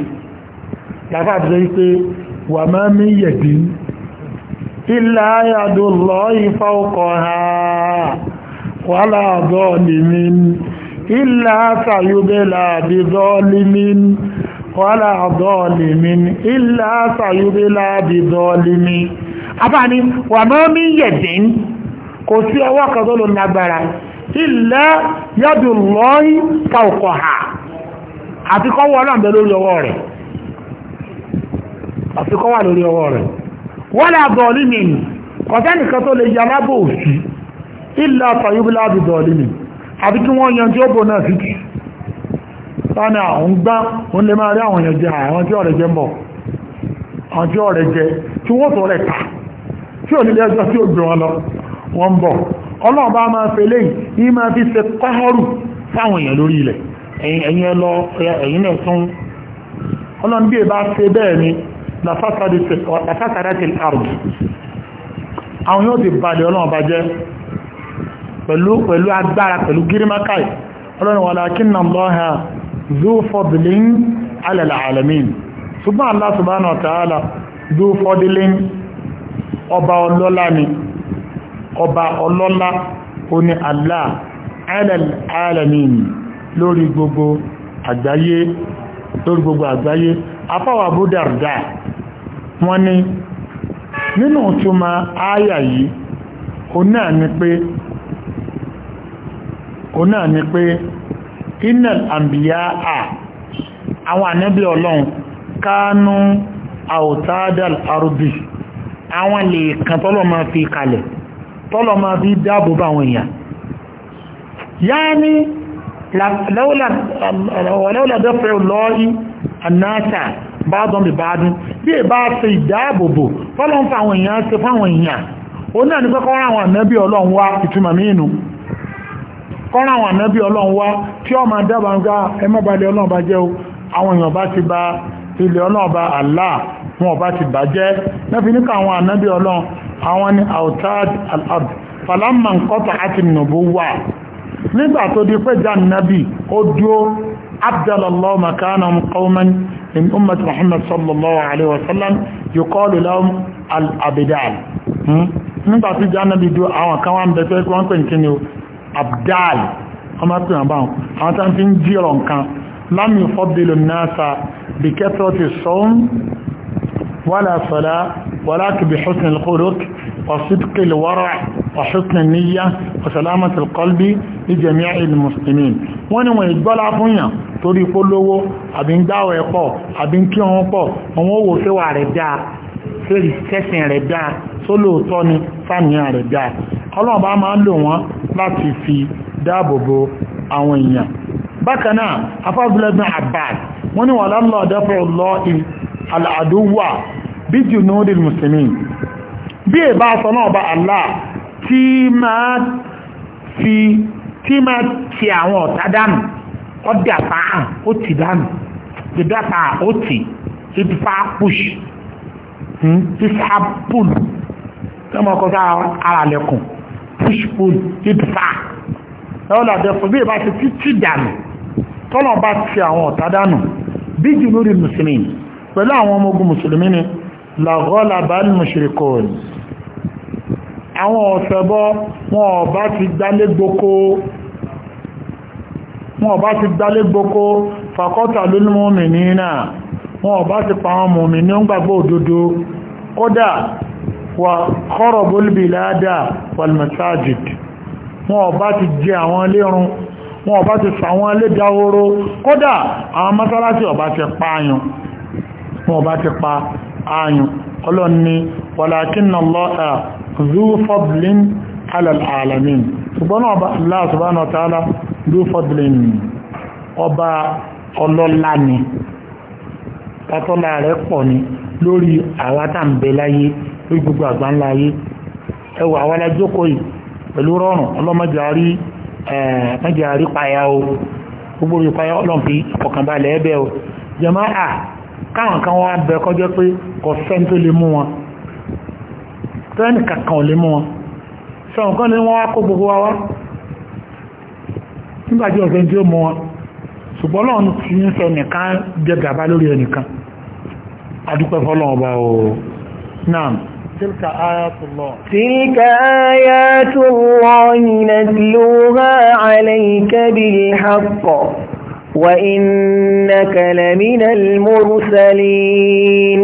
láfà ti rí pé wà máa mí yẹ̀dí ilẹ̀ ayàdó lọ́ ìfọ́ ọkọ̀ ha wà láàbọ̀ nìmi إلا سيبلى بظالم ولا ظالم إلا سيبلى بظالم afáàní wà mọ́ mí yẹ̀dín kò sí ọwọ́ kan tó n'agbara. lágbára illa yadullahi fawqaha àti kọ́wọ́ ọlọ́m̀bẹ lórí ọwọ́ rẹ̀ àti kọ́wọ́ lórí ọwọ́ rẹ̀ wala zalimin kọ̀tẹ́nìkan tó illa àbí kí wọ́n yanjú ọ̀bọ̀ náà sí kì tánà àwọn gbá lè máa rí àwọn èèyàn jẹ àwọn tí ọ̀rẹ́ jẹ ń bọ̀ àwọn tí ọ̀rẹ́ jẹ tí wọ́n tọ́ rẹ̀ ta tí ò nílé ẹjọ́ tí ó gbé wọn lọ ń bọ̀ ọlọ́run bá máa fẹ́ ní máa lọ ọlọ́run bí ẹ bá ṣe bẹ́ẹ̀ ni àwọn ti balẹ̀ ọlọ́run bá jẹ́ pẹ̀lú pẹ̀lú agbára pẹ̀lú gírímákàì ọlọ́run walakinna Allaha zu fadlin ala al-alamin ṣùgbọ́n Allah subhanahu wa ta'ala zu fadlin ọba ọlọ́lá ni ọba ọlọ́lá ó ní Allah ala al-alamin lórí gbogbo àgbáyé lórí gbogbo àgbáyé afáwà Abu Darda o náà ni pé inal ambiya a àwọn ànábì ọlọ́run kánú àwòtádàl arúbì àwọn lè kàn tọ́lọ̀ máa fi kalẹ̀ tọ́lọ̀ máa fi dáàbò bá àwọn èèyàn yá ní lọ́wọ́lọ́wọ́lọ́ dọ́fẹ́ lọ́ọ́yí anáta bádùn bí bádùn bí è bá ṣe ìdáàbòbò tọ́lọ̀ ń fa àwọn èèyàn ṣe fáwọn èèyàn o náà ní pẹ́kọ́ kọ́nà àwọn ànábì ọlọ́run wá tí ọ máa dábàá ń gá ah, ẹ má balẹ̀ ọlọ́run bá jẹ́ o àwọn èèyàn bá ti ba ilẹ̀ ọlọ́run bá Allah wọn bá ti bàjẹ́ lẹ́fi nípa àwọn ànábì ọlọ́run àwọn ni autad al-ard falamma nkọ́ta àti nubuwa nígbà tó di pé jà nábì ó dúó abdalallahu makanahum qawman min ummati muhammad sallallahu alaihi wasallam yuqalu lahum al-abidal hmm? nígbà tí jà nábì dúó àwọn kan wá ń bẹ abdal ọmọ pè wọn báwọn àwọn tán fi ń jírọ nǹkan lámì fọ́bílù náà bí kẹ́tọ́ ti sọ́un wàlá sọ́lá wàlá kìbí husn al-khuluq وصدق الورع وحسن النية وسلامة القلب لجميع المسلمين wọ́n ni wọ́n ìgbọ́lá fún yàn torí polówó àbí ń gbáwọ̀ ẹ̀pọ̀ àbí ń kí wọn pọ̀ àwọn owó fẹ́wà rẹ̀ dáa fẹ́rì ọlọ́ọ̀bá máa ń lò wọ́n láti fi dáàbòbò àwọn èèyàn bákan náà afábúlẹ́bìn abbas wọ́n ní wà lálọ́ dáfẹ́ lọ́ì al'adúwà bí junudi musulmi bí è bá sọ náà bá Allah tí máa ti àwọn ọ̀tá dánù ó dàpá ó ti dánù ìdápá ó ti ìdífà push ìfà hmm? pùlù tọ́mọkọ́ sára lẹ́kùn kúṣùpùn ìdùfà ẹ̀họ́n làdẹ fún bí ìbá ti títí dànù tọ́lọ̀ bá ti àwọn ọ̀tá dànù bí jù lórí mùsùlùmí pẹ̀lú àwọn ọmọ ogun mùsùlùmí ni làgọ́lá bá ní mushrikun àwọn ọ̀sẹ̀bọ́ wọn ọba ti gbálé gboko wọn ọba ti gbálé gboko fàkọ́tà lónìmọ́mì ní náà wọn ọba ti pa àwọn mùmí ní ó ń gbàgbọ́ òdodo kódà وخربوا البلاد والمساجد wọ́n bá ti jẹ àwọn lérun wọ́n bá ti sàwọn lé dáhóró kódà àwọn mọ́sálásí ọba ti pa àyàn wọ́n bá ti pa àyàn ọlọ́ni walakinna Allaha zu fadlin ṣùgbọ́n ọba ọlọ́lá ni lórí àwátàmbẹ̀ lórí gbogbo àgbà ńlá ayé ẹwà àwọn alájókòó yìí pẹ̀lú rọrùn ọlọ́mọdé àrí ẹ̀ẹ́dẹ̀ àrí payá o gbogbo ìpayá ọlọ́mpi ọ̀kànbalẹ̀ ẹbẹ̀ o jẹ̀mọ́ à káwọn kan wá bẹ kọjọ́ pé kò sẹ́ni tó lè mú wọn tẹ́ni kankan ò lè mú wọn sọ̀rọ̀ kan ní wọ́n wá kó gbogbo wa wá nígbàtí ọ̀sẹ̀ tí ó mú wọn ṣùgbọ́n lọ́n ti ń sọ nìkan jẹ gàba lórí ẹnìkan adúpẹ́ fọ́lọ́n ọba o náà تلك آيات الله تلك آيات الله نتلوها عليك بالحق وإنك لمن المرسلين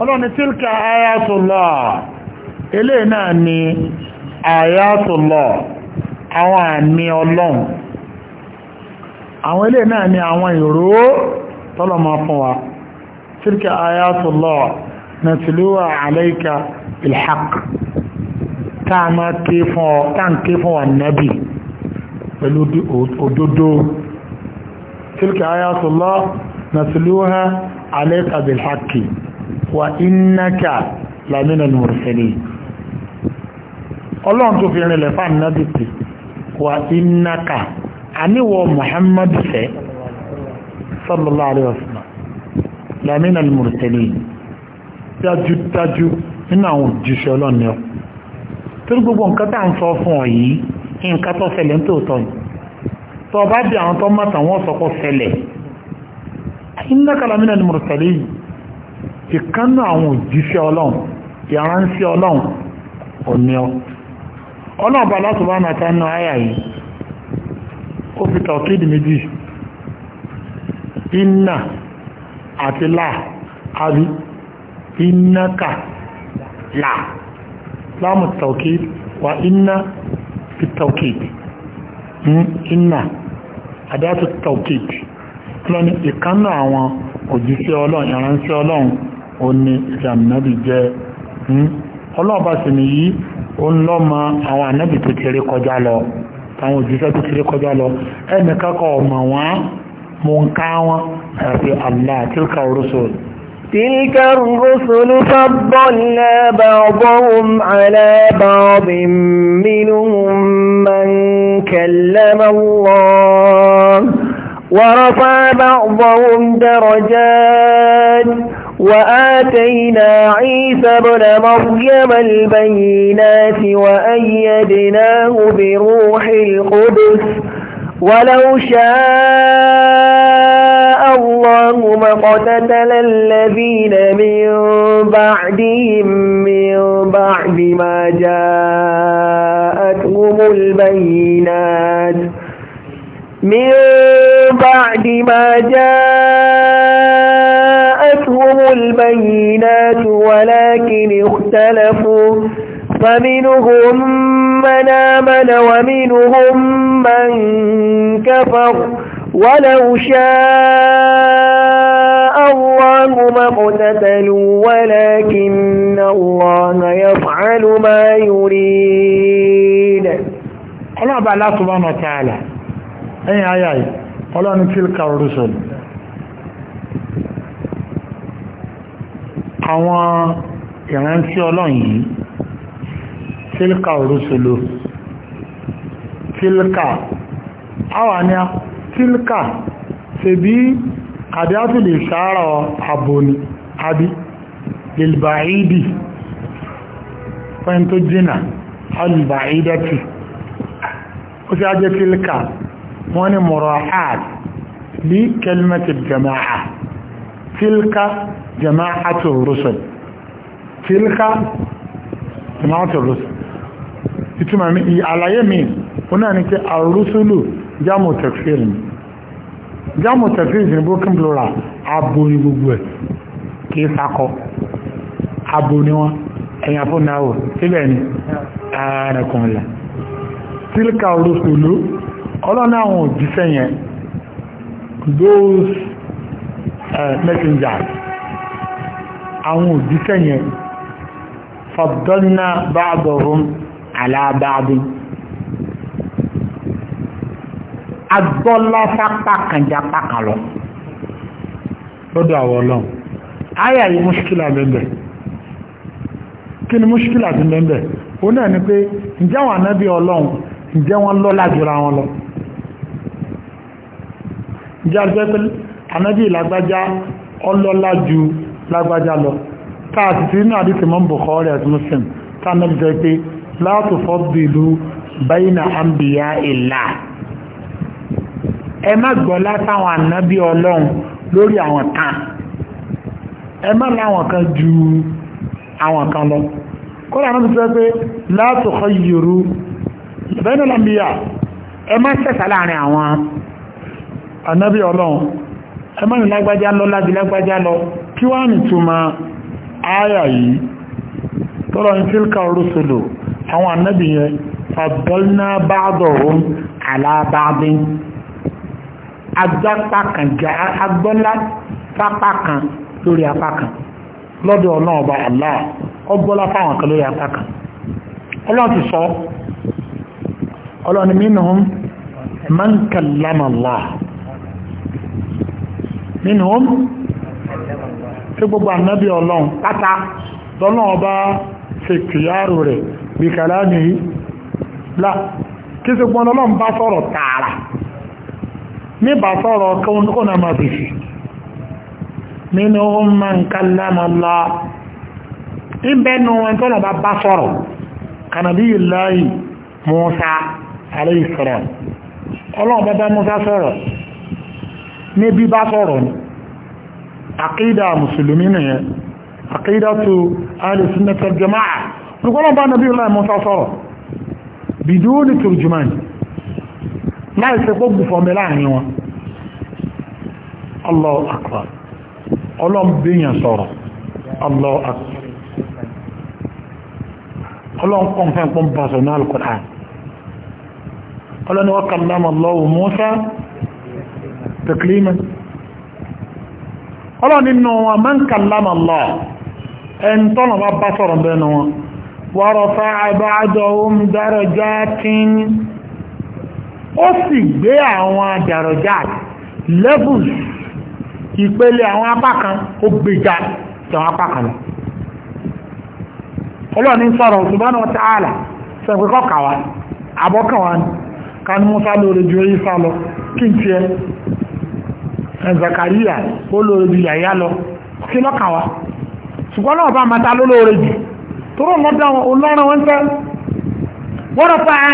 قلنا تلك آيات الله إلينا أني آيات الله أواني الله أولي ناني أواني رو طلما فوا تلك آيات الله نتلو عليك الحق تعمى كيف تعمى كيف النبي فلو تلك آيات الله نتلوها عليك بالحق وإنك لمن المرسلين الله أنت في لفان نبي وإنك أني محمد صلى الله عليه وسلم لمن المرسلين dájúdájú nínú àwọn òjíṣẹ́ ọlọ́ni ọ torí gbogbo nǹkan tá à ń sọ fún ọ yìí nǹkan tó ṣẹlẹ̀ ń tòótọ́ yìí tó o bá di àwọn tó mọ̀tàn wọ́n sọ pé ṣẹlẹ̀ iná kalamina ni mùrùsẹ̀lẹ̀ yìí ìkànnà àwọn òjíṣẹ́ ọlọ́run ìránṣẹ́ ọlọ́run òní ọ ọlọ́run bá láti bá nàta nù àyà yìí ó fi tọ̀kídì méjì iná àti láà àbí innaka la lamu tawkid wa inna fi tawkid inna adatu tawkid lọ́nà ìkánná àwọn òjíṣẹ́ ọlọ́run ìránṣẹ́ ọlọ́run ó ní ìjàm̀nábì jẹ́ ọlọ́ọ̀bá ni kọjá lọ àwọn tó kọjá lọ mọ̀ wọ́n تلك الرسل فضلنا بعضهم على بعض منهم من كلم الله ورفع بعضهم درجات وآتينا عيسى بن مريم البينات وأيدناه بروح القدس ولو شاء الله ما اقتتل الذين من بعدهم من بعد ما جاءتهم البينات من بعد ما جاءتهم البينات ولكن اختلفوا فمنهم من آمن ومنهم من كفر ولو شاء الله ما اقتتلوا ولكن الله يفعل ما يريد ọlọ́ọ̀bá aláṣùbọ́nà tààlà ẹ̀yìn ayayi ọlọ́ni tílkà rúsùl àwọn ìrántí ọlọ́yìn yìí تلقى رسله تلقى أوانيا تلقى سبي أدات الإشارة أبوني أبي للبعيد فإن تجينا البعيدة وسأجي تلقى وأنا مراعاة لكلمة الجماعة تلك جماعة الرسل تلك جماعة الرسل ìtumọ̀ mi àlàyé mi ó náà ní pé àrùsùlù jámù tẹ̀fíìrì ni jámù tẹ̀fíìrì ní broken plural abo ni gbogbo ẹ̀ kì í sakọ abo ni wọn ẹ̀yìn àfọ́nàwò síbẹ̀ ni ààrẹ̀kùnlẹ̀ tílíkà olóṣòló ọlọ́nà àwọn òjíṣẹ́ yẹn those messengers àwọn òjíṣẹ́ yẹn fàbdọ́nà bá àbọ̀rún alábàádé agbọ́lọ́fà pàkànjá pàkàn lọ lọ́dọ̀ àwọn ọlọ́run ayé àyè mọ́ṣíkìlà bẹ́ẹ̀ kí ni mọ́ṣíkìlà ti bẹ́ẹ̀ ó náà ni pé ǹjẹ́ àwọn ànábì ọlọ́run ǹjẹ́ wọ́n lọ́lá jùra wọn lọ ǹjẹ́ àti pé ànábì lágbájá ọlọ́lá ju lágbájá lọ táà sì ti nínú àdìsí mọ́ Bukhari àti Muslim táà náà ti sọ pé la tufaddilu bayna anbiya illah ẹ má gbọ́lá sáwọn ànábí ọlọ́run lórí àwọn kan ẹ má láwọn kan ju àwọn kan lọ kọ́lá náà sọ pé la tukhayyiru bayna anbiya ẹ má ṣẹ̀ṣà láàrin àwọn ànábí ọlọ́run ẹ má ní lágbájá lọ láti lágbájá lọ kí wá nìtumọ̀ ááyà yìí tọ́lọ́ ní tílkà rusulu àwọn annabi yẹn faddalna ala ba'din agbápákan já agbọ́nlá pápákan lórí apákan lọ́dọ̀ ọba Allah ọgbọ́lá fáwọn kan lórí apákan ọlọ́run ti sọ ọlọ́run minhum man kallama tí gbogbo pátá ọba bí kàlámì yìí là kí sí pọn ọlọ́run bá sọ̀rọ̀ tààrà níbà sọ̀rọ̀ kọ́nà máa bèsì nínú ọmọ nǹkan lámàlá ìbẹ́nu wọn tó lọ bá bá sọ̀rọ̀ kànàbí ìláyì Musa aléìsọ̀rọ̀ ọlọ́run bá bá Musa sọ̀rọ̀ ní bí bá sọ̀rọ̀ àkídà mùsùlùmí nìyẹn àkídà tó alìsínẹ́tẹ̀ jama'a ṣùgbọ́n bá nàbí ìlà Mùsá sọ̀rọ̀ bìdú ní tùrùjùmáì láì ṣe gbogbo fọ̀mẹ́ láàrin wọn Allahu akbar ọlọ́mbìyàn sọ̀rọ̀ Allahu akbar ọlọ́nkọ̀n fẹ́ pọ́n bá sọ ní al-Qur'an ọlọ́ni wa kallama Allahu Musa taklima ọlọ́ni nù wọn ورفع بعضهم درجات ó sì gbé àwọn àdàrọ̀já levels ìpele àwọn apákan ó gbèjà àwọn apákan lọ ọlọ́ni sọ̀rọ̀ subhanahu wa kàwà ní kanu lórí ju isa lọ kí n tiẹ̀ zakariya ó lórí ju yàyà lọ kí ṣùgbọ́n náà bá lólórí tóró lọ́dọ̀ wọn olóòrùn wọn tẹ́ wọ́n wa fáà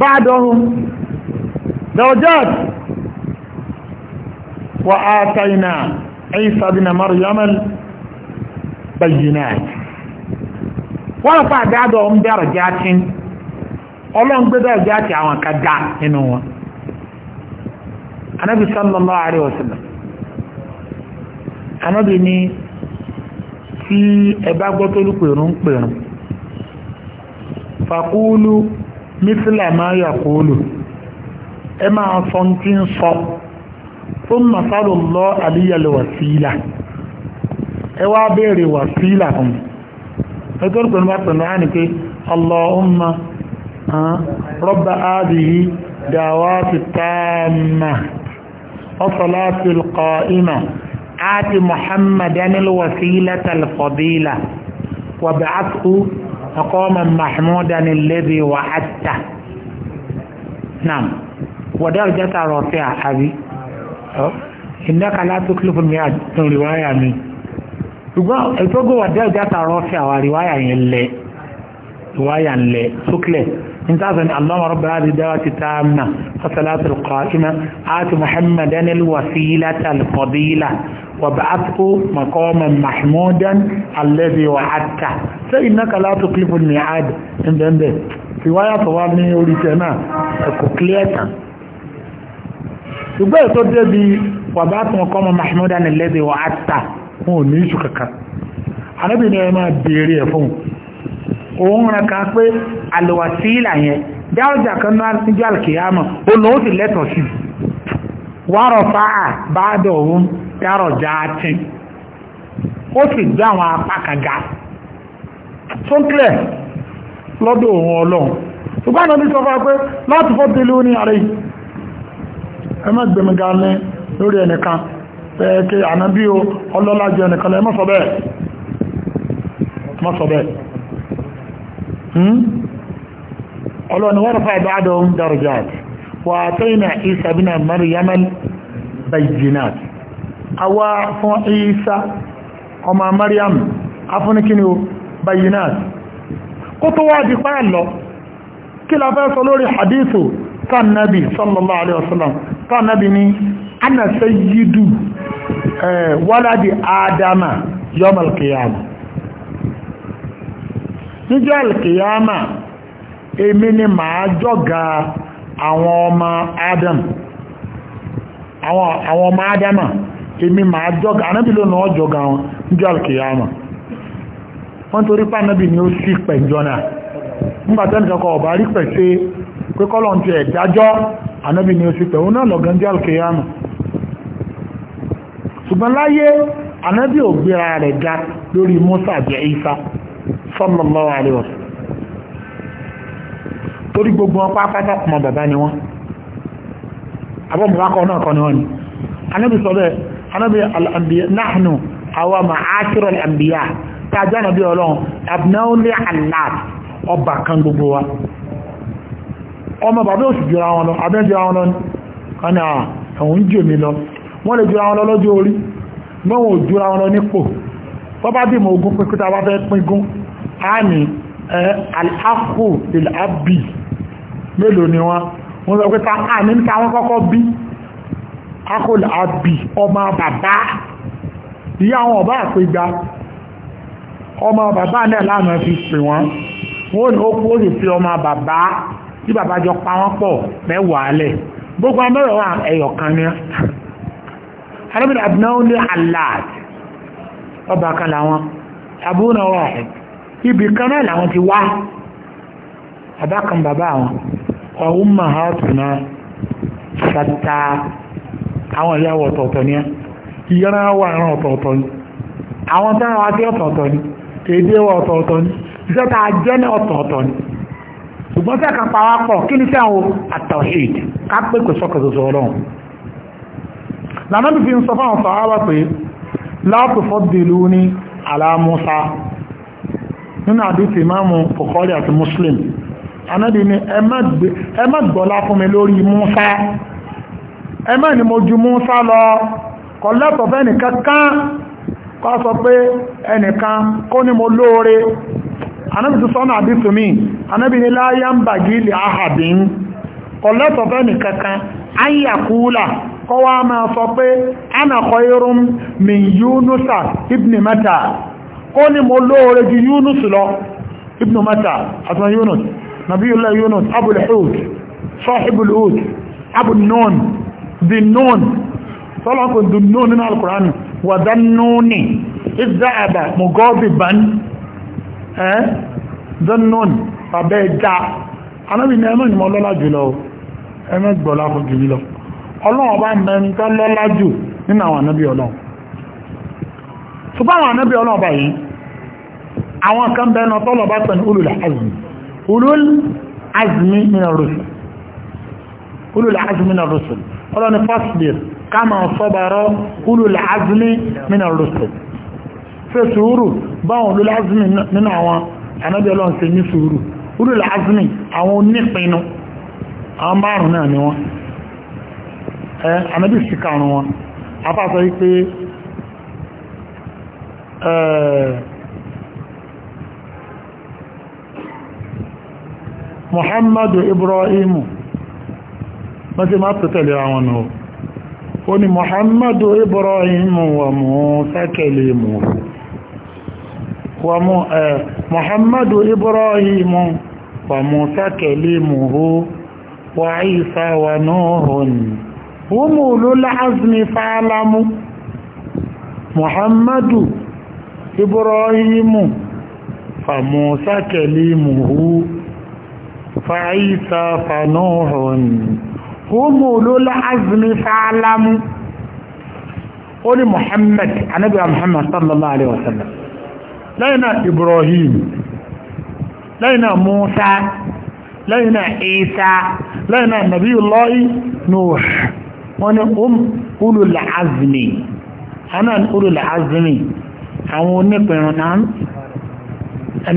bá dọ̀hún dọ̀jọ́d wà á tàìnà Isa bin Maryam al-bayyinat wọ́n rọ̀ fáà dáadọ̀ ń bẹ̀rẹ̀ wọn anábi sallallahu alaihi wasallam anábi ni tí ẹ bá gbọ́ tó lùpẹ̀rún pẹ̀rún fàkúlù mísílà máa yà kúlù ẹ máa sọ tí ń sọ fún masáàlù lọ àlíyàlẹ̀ wàsílà ẹ wá béèrè wàsílà fún ẹ tó lùpẹ̀rún bá pẹ̀lú á pé allahumma rọ́bà ádìyí dàwátì tààmà ọ̀sọ̀lá ti kọ́ ìmọ̀ آت محمدا الوسيلة الفضيلة وابعثه مقاما محمودا الذي وعدته نعم ودرجة رفيعة حبي إنك لا تكلف الميعاد رواية من ṣùgbọ́n ìtógó wà dẹ́ẹ̀dẹ́ àtàrọ fi àwọn àríwáyà yẹn lẹ ìwáyà lẹ sókèlẹ̀ nítàzàn allahumma rabbil hadhihi ad-da'wati at-tammati was-salati al-qa'imati aati muhammadan al-wasilata al-fadila وابعثه مقاما محمودا الذي وعدته فإنك لا تخلف الميعاد عند عند رواية طوالي يوريتنا كوكليتا ṣùgbọ́n ètò débi wàbá tún ọkọ́ ọmọ mahmuda ní lẹ́dẹ̀ wà á ta fún òní ìṣù kankan anábì ní ẹ máa béèrè ẹ̀ fún òun ràn ká pé àlùwàsílà yẹn dáwọ́jà kan náà níjọ́ àlùkìyàmọ̀ ó lọ́ọ́ sì lẹ́tọ̀ọ́ sí i wárọ̀fà àbádọ̀ òun dárọ̀já tí ó sì gbé àwọn apá kan ga tó ń kílẹ̀ lọ́dọ̀ òun ọlọ́run ṣùgbọ́n àwọn ìṣọ́fà pé láti fọ́ bílú ní ààrẹ ẹmọ́ gbẹ̀mẹ̀gà ní lórí ẹnìkan ẹ̀ẹ́kẹ́ ànábí o ọlọ́lá jẹ ẹnìkan lẹ mọ́sọ̀ bẹ́ẹ̀ bẹ́ẹ̀ hmm? ọlọ́ni wọ́n rọ̀fà ìbáadọ̀ ń dárọ̀já وآتينا عيسى بن مريم البينات أو فون عيسى ọmọ Maryam afúnikíni o bayinat kó tó wá di páyà lọ kí la fẹ́ sọ lórí hadithu tán nabi sallallahu alaihi wasallam tán nabi ni ana sayyidu waladi adama yom alkiyama níjọ́ alkiyama èmi ni màá jọ́ga àwọn ọmọ adam àwọn ọmọ adama èmi máa jọ́gà anábì ló náà jọ́gà wọn níjọ́ alkiyama wọ́n torí pé ni ó sì pẹ̀jọ́ náà nígbà ọ̀bá rí pẹ̀ sí pé ti ẹ̀dájọ́ anábì ni ó sì pẹ̀ òun náà lọ̀gá alkiyama ṣùgbọ́n láyé torí gbogbo wọn pápátá ọmọ bàbá ni wọn abọ́mọ̀lákọ̀ náà kọ́ ni wọ́n ni anábì sọ bẹ́ẹ̀ anábì al'ambiya náàánù àwọn ma'áṣírọ̀ al'ambiya ta jẹ́nà bí ọlọ́run abnáwọ́lé allah ọba kan gbogbo wa ọmọ bàbá òsì jura wọn lọ abẹ́ jura wọn lọ kan àwọn jù mí nípò wọ́n bá dìmọ̀ ogun pínkúta wá fẹ́ pínkún á ní al'akhu lil mélòó ni wọ́n wọ́n sọ pé ta àmì ń ta wọ́n kọ́kọ́ bí akọlẹ̀ àbí ọmọ bàbá ìyá àwọn ọba àpégbà ọmọ bàbá náà lánàá fi pè wọ́n wọ́n ní ó kú ó sì fi ọmọ bàbá tí bàbá jọ pa wọ́n pọ̀ mẹ́wàá lẹ̀ gbogbo amẹ́rọ̀ wà ẹ̀yọ̀ kan ní alábìnrin àbínáwó ní aláàt ọba kan làwọn abúnáwó àhẹ ibì kan náà làwọn ti wá bàbá kan bàbá àwọn wa ummahatuna ṣàtà àwọn ìyàwó ọ̀tọ̀ọ̀tọ̀ ni ìyára wà ìran ọ̀tọ̀ọ̀tọ̀ ni àwọn táwọn wá sí ọ̀tọ̀ọ̀tọ̀ ni èdè wa ọ̀tọ̀ọ̀tọ̀ ni iṣẹ́ tá a jẹ́ ní ọ̀tọ̀ọ̀tọ̀ ni ṣùgbọ́n tẹ́ kan pawápọ̀ kí ni sẹ́wọ̀n àtọ̀hìd ká pé pé sọ́kọ̀ ṣoṣo ọlọ́run lànàbí fi ń sọ fáwọn sọ̀rọ̀ pé láàpù fọ́dìlú ní àlá Musa nínú àdìsí ìmáàmù Bukhari àti Muslim anábì ni ẹ má gbọ́lá fún mi lórí Musa ẹ má ní mo ju Musa lọ kọ lẹ́tọ̀ fẹ́ nìkan kán kọ́ sọ pé ẹnìkan kó ní mo lóore anábì ti sọ́nà àbí tùmí anábì ni láyá ń bàgí ilẹ̀ ahàbín kọ lẹ́tọ̀ fẹ́ nìkan kan ayàkúlà kọ́ wá máa sọ pé ana khairun min Yunusa ibn Mata kó ní mo lóore ju Yunus lọ ibn Mata àti nabiyullah yunus abul hut sahibul hut abul nun di nun tọ́lọ́kù di nun nínú alukurani wàdá nuni ìzáàbà mọ̀gọ́bì ban ẹ́ zannon abẹ́ já anábì ní ẹmọ́ ìmọ̀ lọ́lá jùlọ ẹmọ́ gbọ́lá fún jùlọ ọlọ́run bá mẹ́ntọ́ lọ́lá jù nínú àwọn anábì ọlọ́run ṣùgbọ́n àwọn anábì ọlọ́run báyìí àwọn kan bẹ́ẹ̀ náà ulul azmi min ar-rusul ulul azmi min ar-rusul ọlọ́ni fasbir kama sabara ulul azmi min ar-rusul fẹ́ sùúrù báwọn ulul azmi nínú àwọn anábí ọlọ́run ṣe ní sùúrù ulul azmi àwọn onípinnu àwọn márùn náà ni wọ́n anábí sì karùn wọn afáfẹ́ wípé ẹ̀ẹ́ muhammadu ibrahimu wọ́n ti máa pẹ̀tẹ̀lé àwọn náà ó muhammadu mú wà mú wà mú mú wà wà náà mú muhammadu fàáyísà fanúhùn húmù olóla azmi fàálámù ó ní muhammad anábì muhammad sallallahu alaihi wasallam lẹ́yìn náà ibrahim lẹ́yìn náà musa lẹ́yìn náà isa lẹ́yìn náà nabiyullahi nuh wọ́n ní um ulul azmi anan ulul azmi àwọn onípinnu náà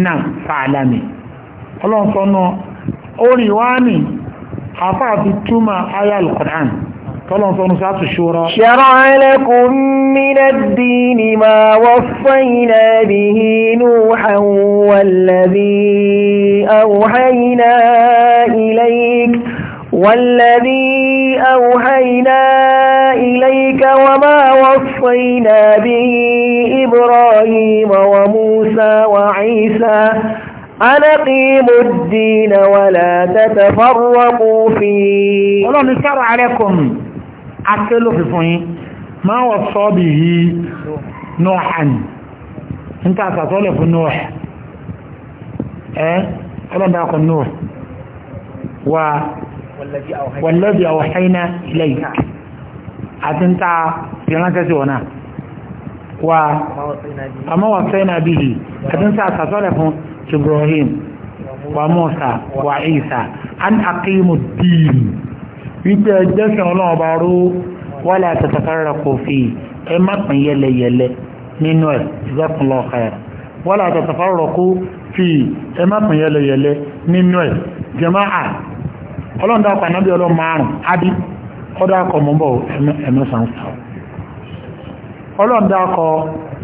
náà fàálámù ọlọ́nkọ́nù orin wá ní àfáà fi túmọ̀ ayá al-Qur'an tọ́lọ̀ tó ń sáàtù ṣúra. Ṣara lakum min ad-dini ma waffayna bihi Nuhan walladhi awhayna ilayk والذي أوحينا إليك وما وصينا به إبراهيم وموسى وعيسى أن أقيموا الدين ولا تتفرقوا فيه ọlọ́run sára alẹ́kùn akẹ́lò fífún yí máa wọ sọ́ọ̀bì yìí nọ́ọ̀hàn ń ta àtàtọ́lẹ̀ fún nọ́ọ̀h ẹ́ ọlọ́dà kan nọ́ọ̀h wà wàlẹ́bí àwọ̀háínà ilẹ̀ yìí àti ń ta ìránṣẹ́ sí wọn náà wà àmọ́wà sẹ́yìn àbíyì àti ń ta àtàtọ́lẹ̀ fún Ibrahim wa Musa wa Isa an aqimu din wípé ẹjẹ́ sìn ọlọ́run ọba ró wala tatafaraku fi ẹ má pín yẹlẹyẹlẹ nínú ẹ̀ jazakumullahu khairan wala tatafaraku fi ẹ má pín yẹlẹyẹlẹ nínú ẹ̀ jàmáà ọlọ́run dákọ̀ ànábì ọlọ́run márùn-ún ádì ọdọ́ akọ̀ mọ́bọ̀ ẹ̀mẹ́sàn sáà ọlọ́run dákọ̀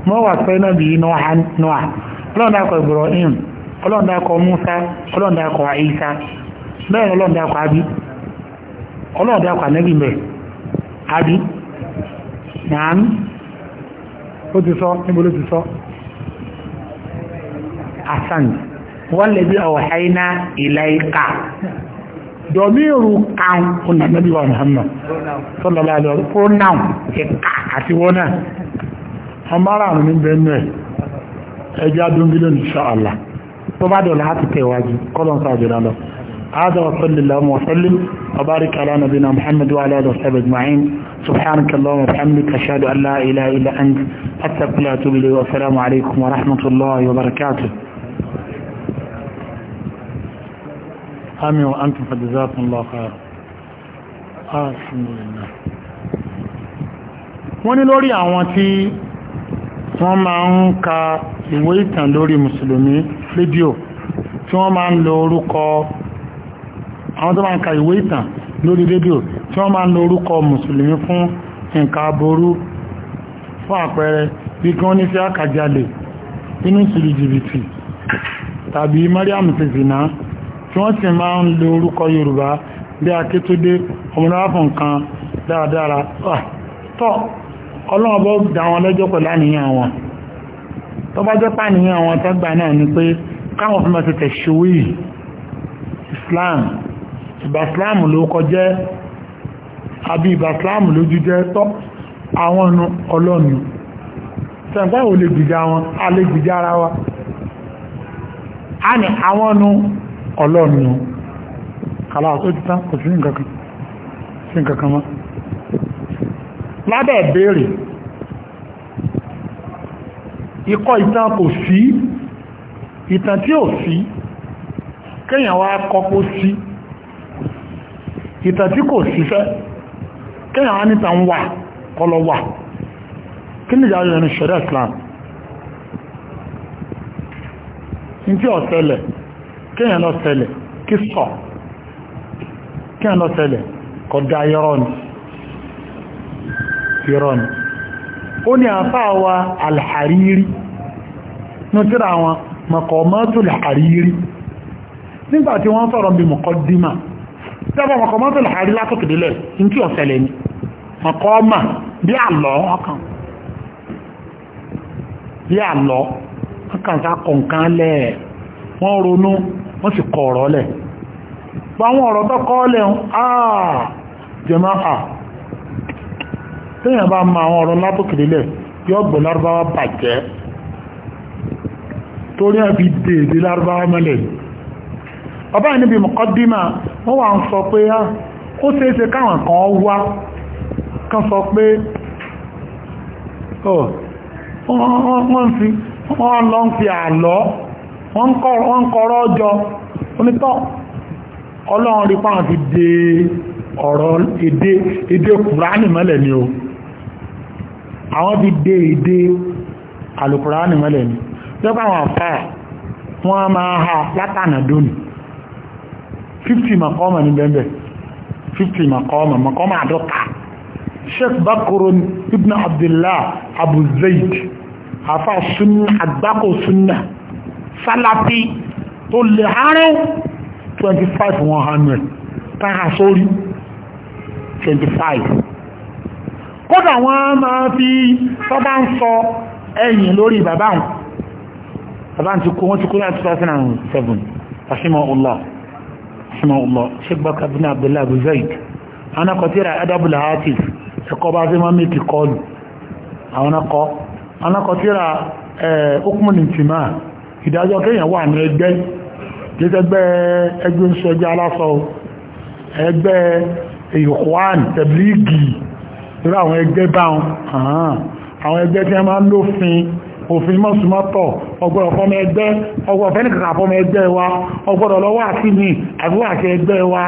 mọ́wàá pẹ́ náà bí Noah Noah ọlọ́run dákọ̀ Ibrahim ọlọ́ndakọ̀ Musa ọlọ́ndakọ̀ Isa bẹ́ẹ̀ ọlọ́ndakọ̀ abi ọlọ́ndakọ̀ anẹ́bì mẹ́ abi nàán ó ti sọ níbo ló ti sọ asan wọ́n lè bí ọ̀háiná ìlàíkà dọ̀míru kan ọ̀nà nẹ́bí wa Muhammad sọ́lọ́lá lọ pronoun ẹ̀ka àti wọ́n náà ọmọ ara ní bẹ́ẹ̀ tó bá dọ̀la á ti tẹ̀ wájú kọ́lọ́n sọ àjọ̀dá lọ هذا وصل اللهم وسلم وبارك على نبينا محمد وعلى اله وصحبه اجمعين سبحانك اللهم وبحمدك اشهد ان لا اله الا انت استغفرك واتوب اليك والسلام عليكم ورحمه الله وبركاته امين وانتم فجزاكم الله خيرا الحمد لله wọ́n ní lórí àwọn tí wọ́n máa ń ka ìwé ìtàn lórí mùsùlùmí rédíò tí wọ́n máa ń lo orúkọ àwọn tó máa ń ka ìwé ìtàn lórí rédíò tí wọ́n máa ń lo orúkọ mùsùlùmí fún nǹkan aburú fún àpẹẹrẹ bí kí wọ́n ní sí àkàjalè inú ìsìlì jìbìtì tàbí mariam ti zìnà tí wọ́n sì máa ń lo orúkọ yorùbá bí akétódé ọmọdéwà fún nǹkan dáradára ah, tọ́ ọlọ́run bọ́ dá wọn lẹ́jọ́ pẹ̀lú àníyàn wọn tó bá jẹ́ pàníyàn àwọn tọ́gbà náà ni pé káwọn fún mọ́sí tẹ̀ṣíwì islam ìbà islam ló kọjẹ́ àbí ìbà islam ló jíjẹ́ tọ́ àwọn ọlọ́nu tẹ̀ǹkọ́ ò lè jìjà wọn a lè jìjà ara wa a ní àwọn ọ̀nù ọlọ́nu kàláàtó ti tán kò sí nǹkan kan sí nǹkan ikọ́ ìtàn kò sí ìtàn tí ò sí kéèyàn wá kọ́pó sí ìtàn tí kò síṣẹ́ kéèyàn wá níta ń wà kọlọ wà kí ní ìyáyọ̀ ní ṣẹ̀rẹ̀ Islam ní tí ọ̀sẹ̀lẹ̀ kéèyàn lọ ṣẹlẹ̀ kí sọ kéèyàn lọ ṣẹlẹ̀ kọ̀dá yọrọ ni yọrọ ni ó ní àfáàwà alhàrírí ní tíra wọn mọ̀kọ̀mọ́tòlù nígbàtí wọ́n sọ̀rọ̀ bí mọ̀kọ́dímà tẹ́bọ̀ mọ̀kọ̀mọ́tòlù àrírí látòkèdélẹ̀ ní tí ọ̀sẹ̀lẹ̀ ni mọ̀kọ́mà bí àlọ́ ọkàn bí àlọ́ ọkàn sá wọ́n ronú wọ́n sì lẹ̀ téèyàn bá mọ àwọn ọ̀rọ̀ lábòkèlélẹ̀ yóò gbọ́ lárúbáwá bàjẹ́ torí ẹ̀ fi dèdè lárúbáwá mọ́lẹ̀ bàbá yìí níbi mọ̀kọ́dímà wọ́n wà ń sọ pé ah, ó ṣeéṣe káwọn kan wá kan sọ pé oh, wọ́n fi wọ́n lọ ń fi àlọ́ wọ́n ń kọ̀rọ̀ ọjọ́ onítọ́ ọlọ́run rí pàwọn ti dé ọ̀rọ̀ èdè èdè kùránì mọ́lẹ̀ ni o àwọn bí dé èdè alùkùránì mọ́lẹ̀ ni lọ́pọ̀ àwọn àfà wọ́n a máa ha látànà dóní 50 makọ́mà ní bẹ́ẹ̀bẹ̀ 50 makọ́mà makọ́mà àdọ́ta sheikh bakurun ibn abdullah abu zaid àfà sunna àgbákò sunna salafi tó lè harin 25 100 táhà sórí 25 kódà wọn máa fi ń sọ ẹ̀yìn lórí bàbá wọn bàbá ti kó wọ́n ti kó láti 2007 rahimahullah sheikh bakar abdullahi abu anakọtíra adabula hatif ẹ̀kọ́ bá fi máa mẹ́kì kọlù àwọn eh, ẹgbẹ́ gẹ́gẹ́gbẹ́ ẹgbẹ́ irú àwọn ẹgbẹ́ bá wọn àwọn ẹgbẹ́ tí wọ́n máa ń lófin òfin mọ́sùmọ́tọ̀ ọgbọ́dọ̀ fọ́mọ ẹgbẹ́ ọgbọ́dọ̀ fẹ́nìkàkà fọ́mọ ẹgbẹ́ wa ọgbọ́dọ̀ lọ́wọ́ àti ní àbúwà àti ẹgbẹ́ wa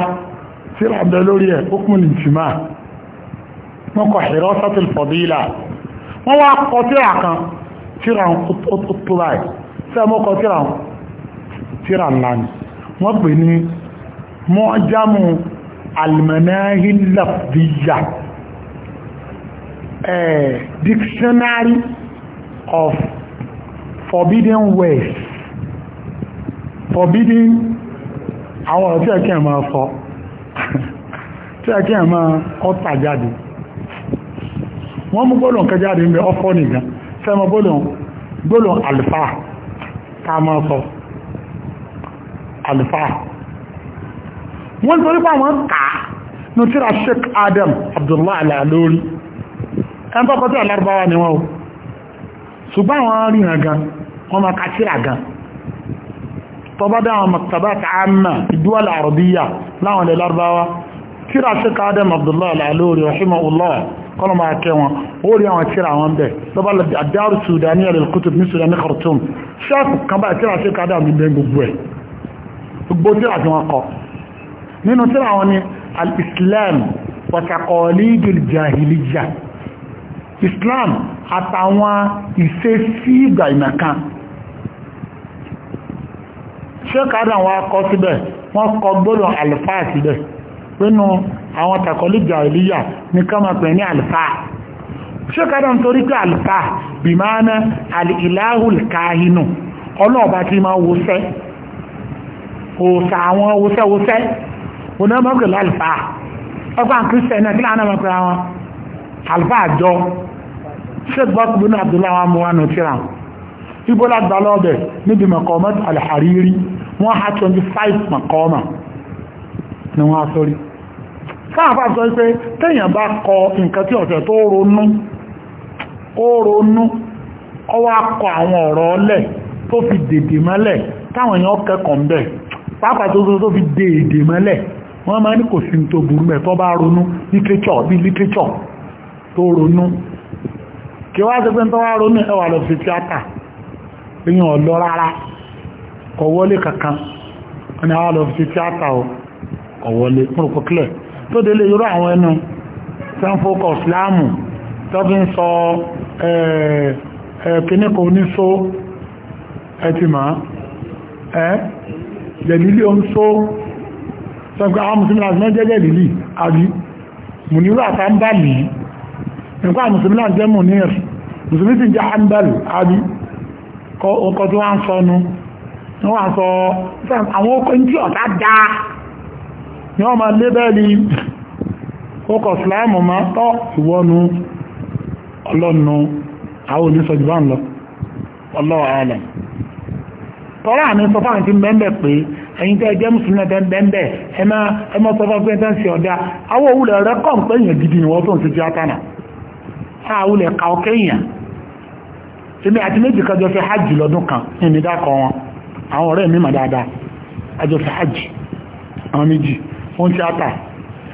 tí ra bẹ lórí ẹ̀ ó kún nìtìmá wọ́n kọ̀ ẹ̀rọ sátìl fọ̀bílà wọ́n wá kọ tíra kan tíra ó tó báyìí tí a mọ́ kọ tíra tíra ńlá ni ní mọ́jámù Eh, dictionary of forbidden ways forbidden àwọn ọ̀rọ̀ tí ẹ̀kẹ́ máa sọ [LAUGHS] tí ẹ̀kẹ́ máa ọ́tà jáde wọ́n mú gbọ́lọ̀ kẹ jáde ń bẹ ọfọ́ nìkan fẹ́mọ gbọ́lọ̀ alfa ká máa sọ alfa wọ́n sọ nípa àwọn kà ní tíra Sheikh Adam Abdullahi Al-Alori ẹn tọ́kọ tí ọ̀lárúbáwá ni wọ́n o ṣùgbọ́n àwọn ríran gan wọ́n máa ka tíra gan tọ́bọ́dá àwọn mọ̀tàbá ta àmà ìdúwàlà àrọ̀bíyà láwọn ilẹ̀ lárúbáwá tíra sí káádẹ́m abdullahi alalórí ọ̀ṣímọ̀ ulọ́ọ̀ kọ́nà máa kẹ́ wọn ó rí àwọn tíra wọn bẹ̀ lọ́bàlẹ̀ àdáàrù sudani alkutub ní sudani khartoum ṣáàpù kan bá tíra sí káádẹ́m ní wa taqalidul jahiliyyah Islam àtàwọn ìṣesí ìgbà ìmọ̀kan ṣékàdà wọn kọ síbẹ̀ wọ́n kọ gbọ́dọ̀ àlùfáà síbẹ̀ nínú àwọn tàkọlìjà ìlíyà ní kọ́mọ̀pẹ̀ ní àlùfáà ṣékàdà ń torí pé àlùfáà bí máa ná àlìláhùl káhínù ọlọ́ọ̀bá tí máa wọ́sẹ́ òòsà àwọn wọ́sẹ́wọ́sẹ́ onámọ́pẹ̀ lálùfáà ọgbà kìrìsìtẹ̀ náà kí láwọn náà mọ̀ pé àwọn àlùfáà àjọ sheikh bọ́sù bin abdullahi amuwanu tíra ibola gbalọ́bẹ̀ níbi maqamat alhariri wọ́n ha 25 maqama ni wọ́n sọ́rí káàfà sọ pé tẹ́yàn bá kọ nǹkan tí ọ̀sẹ̀ tó ronú ó ronú ó wá kọ àwọn ọ̀rọ̀ ọlẹ̀ tó fi dèdè mọ́lẹ̀ táwọn èèyàn kẹ́kọ̀ọ́ mbẹ̀ pàápàá tó tó fi dèdè mọ́lẹ̀ wọ́n máa ní kò sí tó burú mẹ́ tó bá ronú literature bí literature tó ronú kí wá sí pé tó wá ronú ẹwà lọ sí tíátà èyàn ọ̀lọ́ rárá kò kankan wọ́n ni àwọn lọ sí tíátà o kò wọlé púrùpù kílẹ̀ tó délé irú àwọn ẹnu sẹ́ńfókọ̀ ìsìláàmù tó fi ń sọ kíníkò oníṣó ẹtì máa ẹ́ jẹ̀lílì oníṣó sọ́gbọ́n àwọn mùsùlùmí àti mẹ́jẹ́jẹ́ lílì àbí mùnírò àtàǹbà lìí nke mùsùlùmí náà jẹ́ munir mùsùlùmí sì jẹ́ ambal abi ọkọ̀ tí wọ́n ń sọnu wọ́n wà sọ àwọn ọkọ̀ tí ọ̀tá dá ni wọ́n máa lé bẹ́ẹ̀lì ọkọ̀ sùlámù máa tọ́ ìwọ́nu ọlọ́nu àwọn oníṣọ́jú bá lọ ọlọ́wọ́ ààlẹ̀ tọ́rọ àmì sọ fáwọn tí mẹ́mbẹ̀ pé ẹ̀yin tẹ́ jẹ́ mùsùlùmí ẹ̀mẹ́ sọ fáwọn pé ẹ̀tẹ́ ọ̀dá àwọn òwúlẹ̀ rẹ́kọ̀ọ́ pé gidi ni tó ń ṣe jẹ́ átánà sáàwulẹ̀ ka ọkẹ́ èèyàn tèmi àti méjì kan jọ ṣe hajj lọ́dún kan ẹni dákọ̀ wọn àwọn ọ̀rẹ́ mi mà dáadáa àjọ ṣe hajj àwọn méjì fún tíátà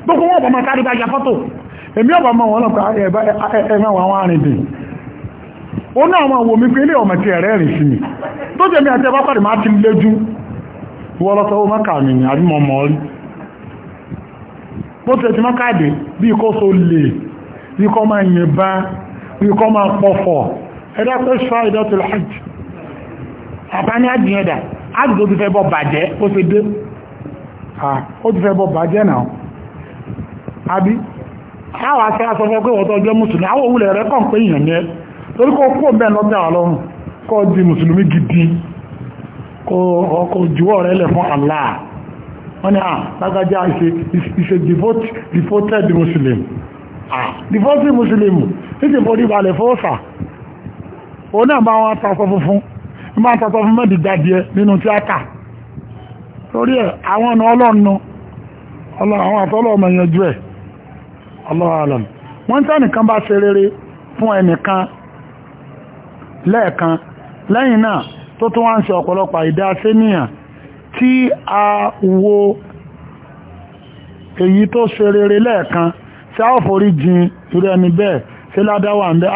gbogbo wọn ọ̀bọ̀n máa sáré bá ya fọ́tò èmi ọ̀bọ̀n mọ̀ wọn lọ́pàá ẹ̀mẹ́ wọn àwọn arìnrìn ó náà wọn wò mí pé ilé ọmọ ti ẹ̀rẹ́ rìn sí mi tó jẹ́mi àti ẹbá pàdé máa ti léjú wọ́n lọ́sọ ó mọ́kà mi ní àbí mọ́ mọ́ rí bó ti ẹ̀ ti mọ́kà dé bí kó so lè bí kọ́ máa yìnbọn bí kọ́ máa pọ̀fọ̀ ẹ̀dá pé ṣọ́ ìdọ́tìlẹ̀ hajj àbáni àjìyànjẹ́ hajj tó ti fẹ́ bọ́ bàjẹ́ ó ti dé ó ti fẹ́ bọ́ bàjẹ́ náà àbí àwọn akẹ́ asọ́fẹ́ pé wọ́tọ́ jẹ́ mùsùlùmí àwọn òwúlẹ̀ rẹ̀ kàn pé èèyàn yẹn torí kó kó bẹ́ẹ̀ lọ́dẹ̀ ọlọ́run kó di mùsùlùmí gidi kó juwọ́ rẹ̀ lẹ̀ fún Allah wọ́n ni à lágbájá ìṣe devoted muslim the first thing muslim tí ti forí balẹ̀ fọ́ọ̀sà òun náà bá wọn atasọ funfun bá wọn atasọ funfun mẹ́ẹ̀dì jáde nínú tíátà torí ẹ̀ àwọn ọ̀nà ọlọ́ọ̀nù àwọn àtọ́lọ́ ọmọ ìyànjú ẹ̀ ọlọ́ọ̀lọ́m wọ́n tẹ́ nìkan bá ṣe rere fún ẹnìkan lẹ́ẹ̀kan lẹ́yìn náà tó tún wá ń ṣe ọ̀pọ̀lọpọ̀ àìdá séníyàn tí a wo èyí tó ṣe rere lẹ́ẹ̀kan ṣe á forí jin irú ẹni bẹ́ẹ̀ ṣe ládáwà ń bẹ́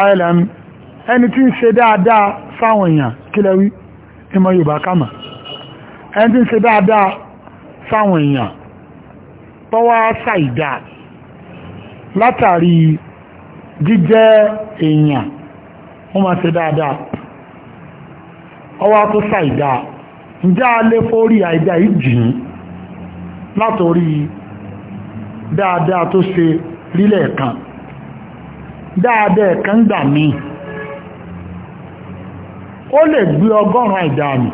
à ẹni tí ń ṣe dáadáa sáwọn èèyàn kílẹ̀ wí Yorùbá kàmà ẹni tí ń ṣe dáadáa sáwọn èèyàn tọ́wọ́ ṣàìdá látàrí jíjẹ́ èèyàn wọ́n máa ṣe dáadáa ọwọ́ tó ṣàìdá ǹjẹ́ a àìdá yìí dáadáa tó ṣe rílẹ̀ kan dáadáa kan gbà mí ó lè gbé ọgọ́rùn-ún àìdáàmì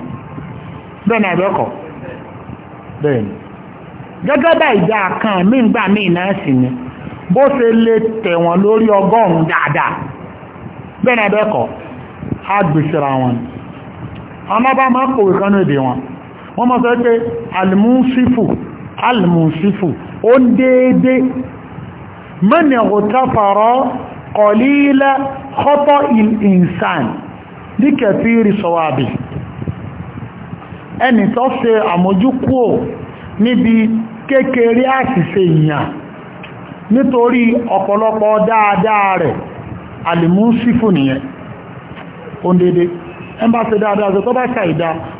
bẹ́ẹ̀ náà bẹ́ẹ̀kọ́ bẹ́ẹ̀ ni gẹ́gẹ́ bá ìdá kan mí gbà mí náà sì ni bó ṣe lè tẹ̀wọ̀n lórí ọgọ́rùn-ún dáadáa bẹ́ẹ̀ náà bẹ́ẹ̀kọ́ á wọn ni àwọn bá máa kòwé kan ní èdè wọn wọ́n mọ̀ sọ pé alimusifu almunsifu ó ń déédé mẹ́ni ọ̀tàfàrọ́ kọ̀lílẹ̀ kọ́tọ̀ ìsàn ní kẹfìrí sọ̀wàbì ẹni tó ṣe àmójúkúò níbi kékeré àṣìṣe èèyàn nítorí ọ̀pọ̀lọpọ̀ dáadáa rẹ̀ alìmúnsífù nìyẹn ó ń déédé ẹ bá ṣe dáadáa ṣe tó bá ṣàìdá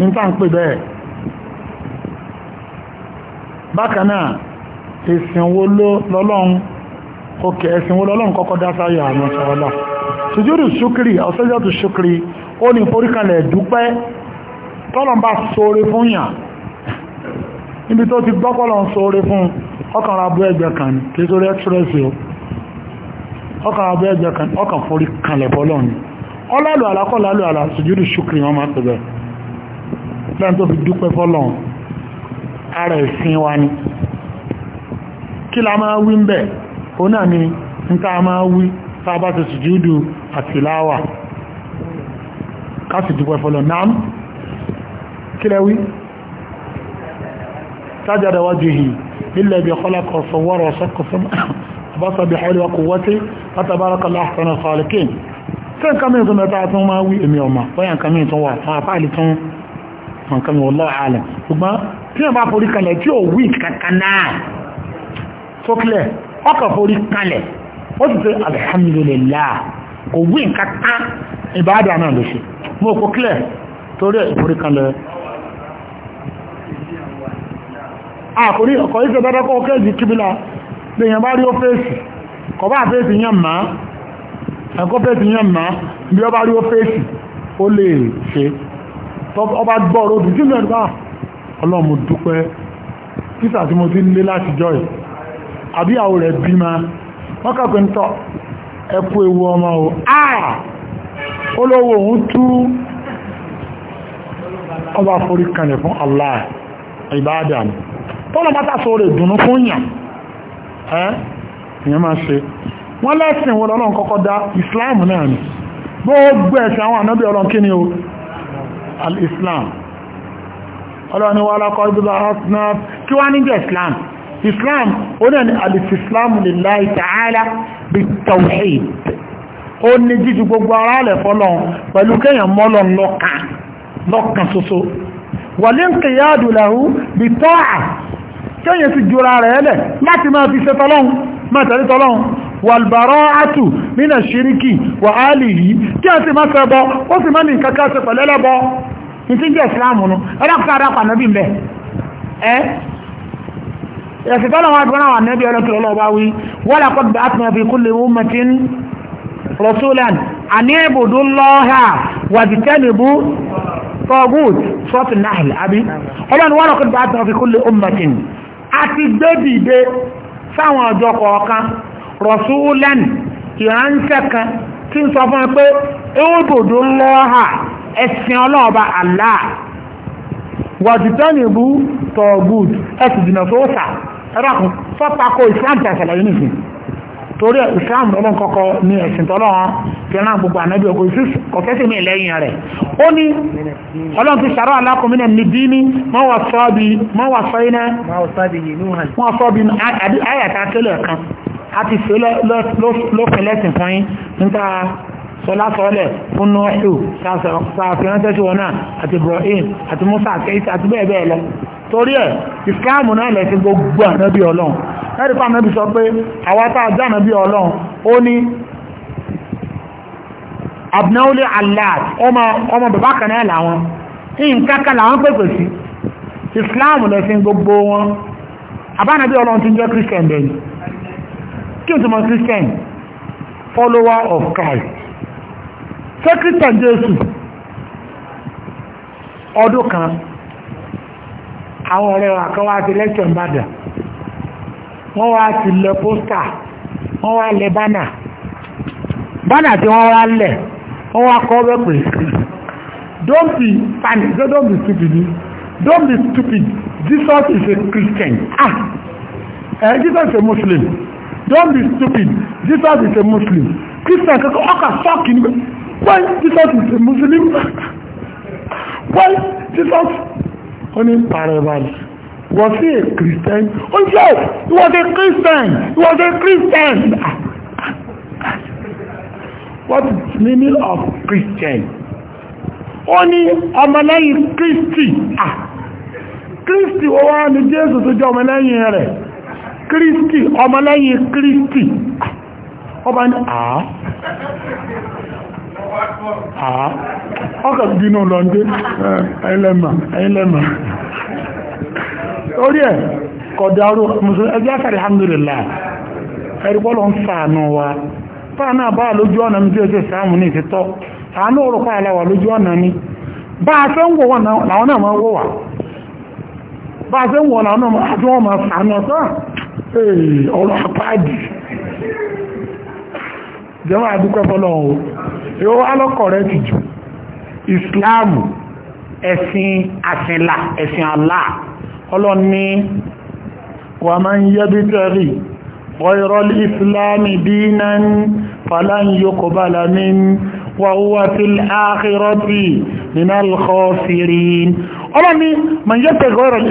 ń pè bẹ́ẹ̀ bákan ẹ̀sìn lọ́lọ́run kọ́kọ́ dá sáyé àwọn sọ̀rọ̀lá sùjúdù ṣúkìrì ṣúkìrì ó ní dúpẹ́ tọ́lọ̀ bá sóore fún yà, níbi tó ti gbọ́pọ̀lọ̀ sóore fún ọkàn abú ẹgbẹ́ kan kí sórí o ọkàn abú ẹgbẹ́ kan ọkàn ọlọ́lù lẹ́yìn tó fi dúpẹ́ fọ́lọ́n ara ẹ̀sìn wa ni kí la máa wí ń bẹ̀ ó náà ni ń tá a máa wí tá a bá ti sùjúdù àtìláwà ká sì dúpẹ́ fọ́lọ́n náà kí lẹ wí سجد وجهي إلا بخلق وصور وشق بصر بحول وقوتي فتبارك الله أحسن الخالقين كان كمين تنتعتم ما وي أمي وما وين كمين تنوع فعفالي تنوع nǹkan mi wallahu alam ṣùgbọ́n tí wọ́n bá forí kalẹ̀ tí ò wí kankan náà sókèlẹ̀ ọkọ̀ forí kalẹ̀ ó ti ṣe alhamdulillah kò wí kankan ìbáàdà náà ló ṣe mú òkú kílẹ̀ torí ìforí kalẹ̀ àkórí ọkọ̀ ìṣẹ́ dáadáa kọ́ kẹ́ẹ̀sì kíbílà lèyàn bá rí ó fèsì kọ̀ bá fèsì yàn máa ẹ̀kọ́ fèsì yàn máa bí ọ bá rí ó fèsì ó lè ṣe ọba gbọ́ọ̀rọ̀ òdù jùlọ ẹ̀dá ọlọ́mù dúpẹ́ títà tí mo ti lé láti ẹ̀ àbíyàwó rẹ̀ bí ma wọ́n kàpẹ́ ń tọ́ ẹkú ewu ọmọ o olówó òun tú ọba forí kanlẹ̀ fún Allah ìbáadà ni tọ́lọ sọ rẹ̀ dùnú fún yàn ẹ́ ìyẹn máa ṣe wọ́n lẹ́sìn wọn kọ́kọ́ dá Islam náà ni àwọn ànábì o al-islam ọlọ́ni wà lákọ́ ìdúbà hasna kí wá níjẹ́ islam islam ó náà ni al-islam lillahi ta'ala bit-tawhid ó ní jíjú gbogbo ara alẹ̀ fọ́lọ́n pẹ̀lú kéèyàn mọ́lọ́n lọ́kàn lọ́kàn ṣoṣo wal-inqiyadu lahu bit-ta'a kéèyàn sì jura rẹ̀ ẹlẹ̀ láti máa fi ṣe tọ́lọ́hun máa tẹ̀lé kí a sì má ṣẹbọ ó sì má ní nǹkan ká ṣe ìtí jẹ́ ìsìláàmù nu ẹ̀dàkùnkà àdàpà nàbí mbẹ́ ẹ́ ẹ̀sìn tọ́lọ̀ wọn àtúnwọ́n àwọn ànábì ọlọ́kì ọlọ́ọ̀bá wí wọ́n làkọ́ bá tún ọ̀fìn kú lè wúmọ̀ tí ń rọ̀súlàn àní ibùdó lọ́ọ̀hà wàjìtẹ́nìbù tọ́gùt sọ́ọ̀tì náà àbí ọlọ́ni wọ́n làkọ́ bá tún ọ̀fìn kú lè wúmọ̀ tí ń àti gbẹ́dìde sáwọn ọjọ́ kọ̀ọ̀kan rọ̀súlàn ìránṣẹ́ kan tí ń sọ fún ẹ pé ìwòbòdó lọ́ha ẹ̀sìn ọlọ́ọ̀bá Allah wàjútọ́nì bú tọ̀gùd ẹ̀sì tó sà ẹ̀rọ̀kùn sọ́pàkó Islam tẹ̀sẹ̀lẹ̀ yìí torí Islam lọ́lọ́n ní ẹ̀sìn tọ́lọ́wọ́n fi rán gbogbo ànábì ọkọ̀ ìfẹ́sì mi lẹ́yìn rẹ̀ ó ní ọlọ́n ti sàrọ̀ alákùnmínà ní dínní wọ́n wà sọ́ bí wọ́n ma sọ́ iná wọ́n sọ́ bí àyàtà tẹ́lẹ̀ kan sọlásọlẹ̀ fún nọ́ọ̀hù sàfihànṣẹ́ sí wọn náà àti Ibrahim àti Musa àti bẹ́ẹ̀ bẹ́ẹ̀ lọ torí ẹ̀ ìsìláàmù náà lẹ̀sìn gbogbo ànábì ọlọ́run ẹ̀rí pa ànábì sọ pé àwọn tá a já ànábì ọlọ́run ó ní abnáwólé aláàt ọmọ bàbá kan náà làwọn nǹkan kan làwọn pèpè sí ìsìláàmù lẹ̀sìn gbogbo wọn àbánábì ọlọ́run ti jẹ́ Christian bẹ́ẹ̀ ni kí n tó mọ Christian follower of Christ sẹ́kítàn jésù ọdún kan àwọn ọ̀rẹ́ wa kan wá ti lẹ́kṣọ̀ ìbàdàn wọ́n wá ti lẹ pósítà wọ́n wá lẹ bánà bánà tí wọ́n wá lẹ̀ wọ́n wá kọ́ wẹ́ pé don't be panic don't be stupid don't be stupid Jesus is a Christian ah eh, Jesus is a Muslim don't be stupid Jesus is a Muslim Christian kankan ọkà sọ́ọ̀kì nígbà why Jesus is a Muslim why Jesus ó ní pàrẹ̀bàlì was he a Christian oh yes he was a Christian he was a Christian what is the meaning of Christian ó ní ọmọlẹ́yìn Kristi ah Kristi ó wá ní Jésù tó jẹ́ ọmọlẹ́yìn rẹ̀ Kristi ọmọlẹ́yìn Kristi ah, ọba ní àá ah. ọkà ọ lọ gịnụ ẹlẹ́mà ẹlẹ́mà orí ẹ̀ kọ̀dáró mùsùlùmí ẹgbẹ́ àkàrí alhamdulillah ẹ̀rìpọ́lọ̀ ń sàánú wa báà náà báà lójú ọ̀nà mi tí ó ṣe sáàmù ní ìfẹ́tọ́ na òrùka aláwà lójú ọ̀nà ni bá a fẹ́ ń wọ̀ na làwọn náà máa wọ̀ wà bá na fẹ́ ń wọ̀ làwọn náà máa tí wọ́n máa sàánú ọ̀tọ́ ọ̀rọ̀ àpáàdì jẹ́wọ́ àdúgbẹ́ èwo wá lọ́kọ̀ rẹ̀ ti jù ìsìláàmù ẹ̀sìn àsìnlá ẹ̀sìn àlá ọlọ́ni wà máa ń yẹ́ bí tẹ́rì ọ̀rọ̀ ìsìláàmì dínan falan yuqbala min wa huwa fil akhirati min al-khasirin ọlọ́ni ma yẹ́ tẹ́rì ọ̀rọ̀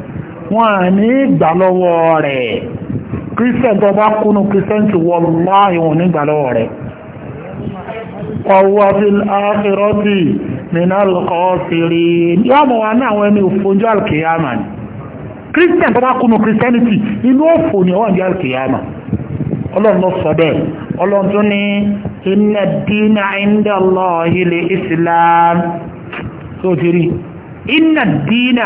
wọn à ní ìgbà lọ́wọ́ rẹ̀ christian tó bá kúnnú christian ti wọ ìgbà lọ́wọ́ rẹ̀ ọwọ́ fi áfẹ́rọ́tì minal khasirin yóò mọ̀ wá ní ẹni òfòjú alkiyama ni tó bá inna dina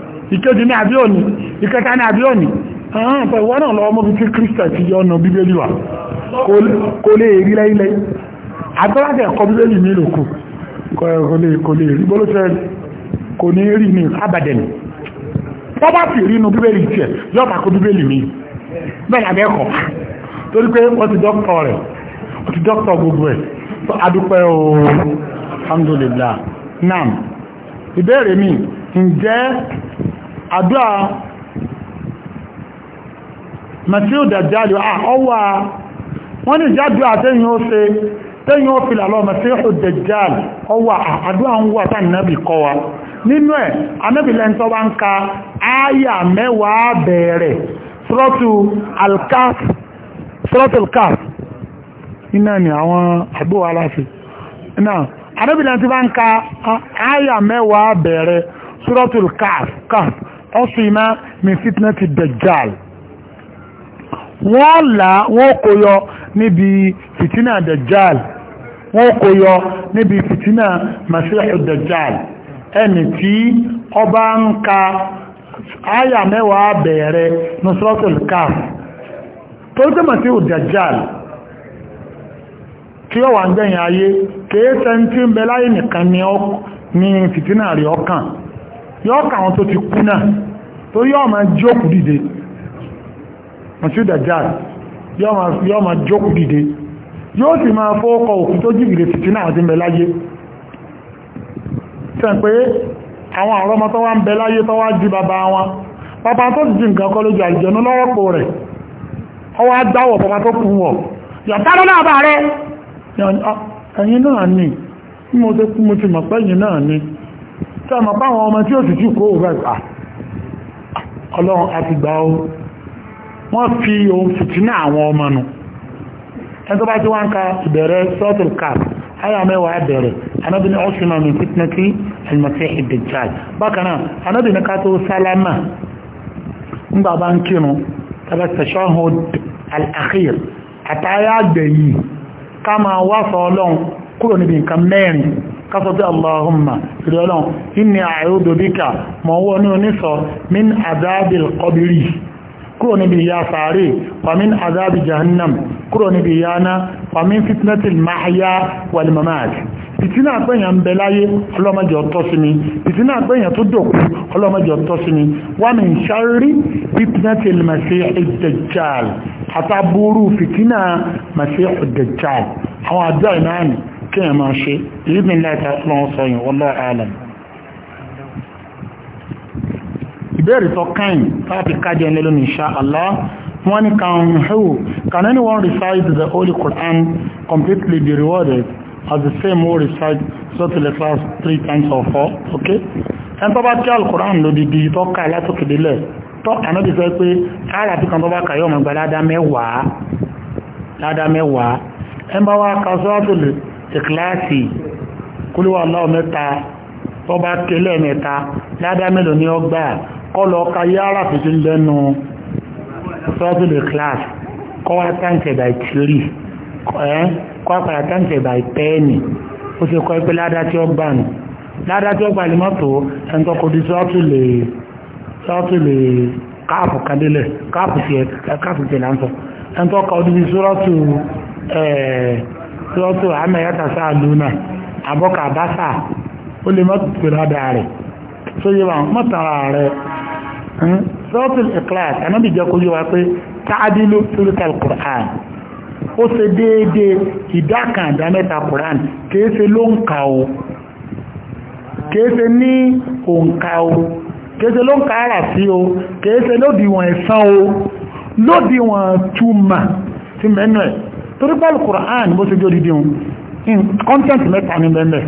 ìkéjì ní àbí òní ìkẹta ní àbí òní àwọn ọ̀pọ̀ ìwọ́n náà lọ́wọ́ mọ́bí tí kírísítà ti yọ ọ̀nà bíbélì wà kò lè rí lẹ́ilẹ́ àtọ́lájẹ̀ ẹ̀kọ́ bíbélì ní ìlòkù kò lè rí bólóṣẹ́ kò ní rí mi bẹ́ẹ̀ làbẹ́ ẹ̀kọ́ torí pé wọ́n ti dọ́kítọ̀ rẹ̀ wọ́n ti dọ́kítọ̀ gbogbo ẹ̀ adúpẹ́ ooo alhamdulillah mi ǹjẹ́ àdúrà mẹ̀sílù dàjálù àọ́wà ah, wọ́n ní jádùá tẹ́yìn ó ṣe tẹ́yìn ó fi làlọ́ mẹ̀sílù dàjálù ọwà ah, àdúrà ń wà tán nábì kọ́ wa nínú ẹ̀ anábìlẹ́ntọ́ bá ń ka áyà mẹ́wàá bẹ̀rẹ̀ sọ́tù alkaf sọ́tù alkaf iná ni àwọn àgbówà aláṣẹ náà anábìlẹ́ntọ́ bá ń ka áyà mẹ́wàá bẹ̀rẹ̀ sọ́tù alkaf ọ̀sìnà min fitnati dajjal wọ́n là wọ́n kò yọ níbi fitina dajjal wọ́n kò yọ níbi fitina masihu dajjal ẹni tí ọba ń ka àyà mẹ́wàá bẹ̀rẹ̀ nusratul kaf tó jẹ́ masihu dajjal tí ó wà ń gbẹ̀yìn ayé kèé sẹ́ntí ń bẹ láyé nìkan ni fitina rí ọkàn yọ́ kà wọn tó ti kú náà tó yọ́ ma jókù dìde ma jókù dìde yóò sì máa fọ́ọ̀kọ̀ òkú tó jìgìrì fìtí náà ti mẹ́láyé tẹ́ pé àwọn àrọ́mọ tó wá ń bẹ láyé tó wá jí bàbá wọn bàbá tó jí nǹkan kọ́ lójú àlùjẹ̀nú lọ́wọ́pọ̀ rẹ̀ ọwọ́ dáwọ̀ bàbá tó kú wọ̀ yàtàrà náà bà rẹ̀ sọ́mọ̀ báwọn ọmọ tí ó sì tí kó rẹ̀ ọlọ́run àti gbà ó wọ́n fi ohun fìtínà àwọn ọmọ nù ẹn tó bá tí wọ́n ka ìbẹ̀rẹ̀ sọ́tìl cap ayà mẹ́wàá bẹ̀rẹ̀ anábì ọ́ṣùnà ní fitnati al-masih ad-dajjal bákan náà anábì ní ká tó sálámà ńgbà bá ń kírun tàbí tashahhud al-akhir àtàyà gbẹ̀yìn ká máa wá sọ ọlọ́run kúrò níbi nǹkan mẹ́rin kásọ̀ pé Allahumma ìrọ̀lọ́n inni a'udhu bika mọ̀ wọ́n ní onísọ̀ min azabil qabri kúrò níbi ìyà sàárè famin azabi jahannam kúrò níbi ìyà náà famin fitnatil mahya wal mamat fìtínà àgbẹ̀yàn ń bẹ sí mi fìtínà àgbẹ̀yàn tó dòkú ọlọ́mọdé ọ̀tọ́ sí mi wà mí ń ṣárí fitnatil dajjal àwọn àdúrà ìnáà kí ẹ máa ṣe ìlúmi láti lọ́wọ́ sọ wọ́n lọ́wọ́ ààlẹ̀ ìbéèrè tó kàn láti kájẹ ní lónìí insha Allah wọ́n ni can who can anyone recite the Holy Quran completely be rewarded as the same who recite so to the class three times or four okay ẹn tó bá kí al-Quran lòdìdí tó ká látòkè délẹ̀ tó ànábì sọ pé ara àti kan tó bá kà yóò mọ̀ gba ládá mẹ́wàá ládá mẹ́wàá ẹn bá wá ka sọ́ọ́tò lè ìkíláàsì kúlúwà Allah mẹ́ta tó bá kélẹ̀ mẹ́ta ládá mélòó ni ó gbà kọlọ ọka yára fi tún lẹ́nu sọ́tún ìkíláàsì kọ́wá táǹtẹ̀ by three kọ́wá padà táǹtẹ̀ by ten ó ti kọ́ pé ládá tí ó gbà nù ládá tí ó gbà lè mọ́tò ẹni tó kò di sọ́tún lè sọ́tún lè káàpù kadílẹ̀ káàpù tiẹ̀ káàpù tiẹ̀ là ń sọ ẹni tó kọ́ di sọ́tún ẹ̀ẹ́ sọ́tò amáyàtà sáà lónà àbọ́kà bá sáà ó lè mọ́tò pèrádà rẹ̀ tó yẹ wọn mọ́tàrà rẹ̀ hm? sọ́tò ìkìláàs anábì jẹ́ kó yẹ wa pé táàdínlò sóríkàl kùrán ó ṣe déédéé ìdá kan ìdá mẹ́ta kùrán kìí ṣe ló ń kà ó kìí ṣe ní òǹkà ó kìí ṣe ló ń kà ára sí ó kìí ṣe lódiwọ̀n ẹ̀sán ó lódiwọ̀n túmà sí mẹ́nu ẹ̀ torí pẹ́lú Kùránì bó ṣe jẹ́ odidi ohun mẹ́ta ní bẹ́ẹ̀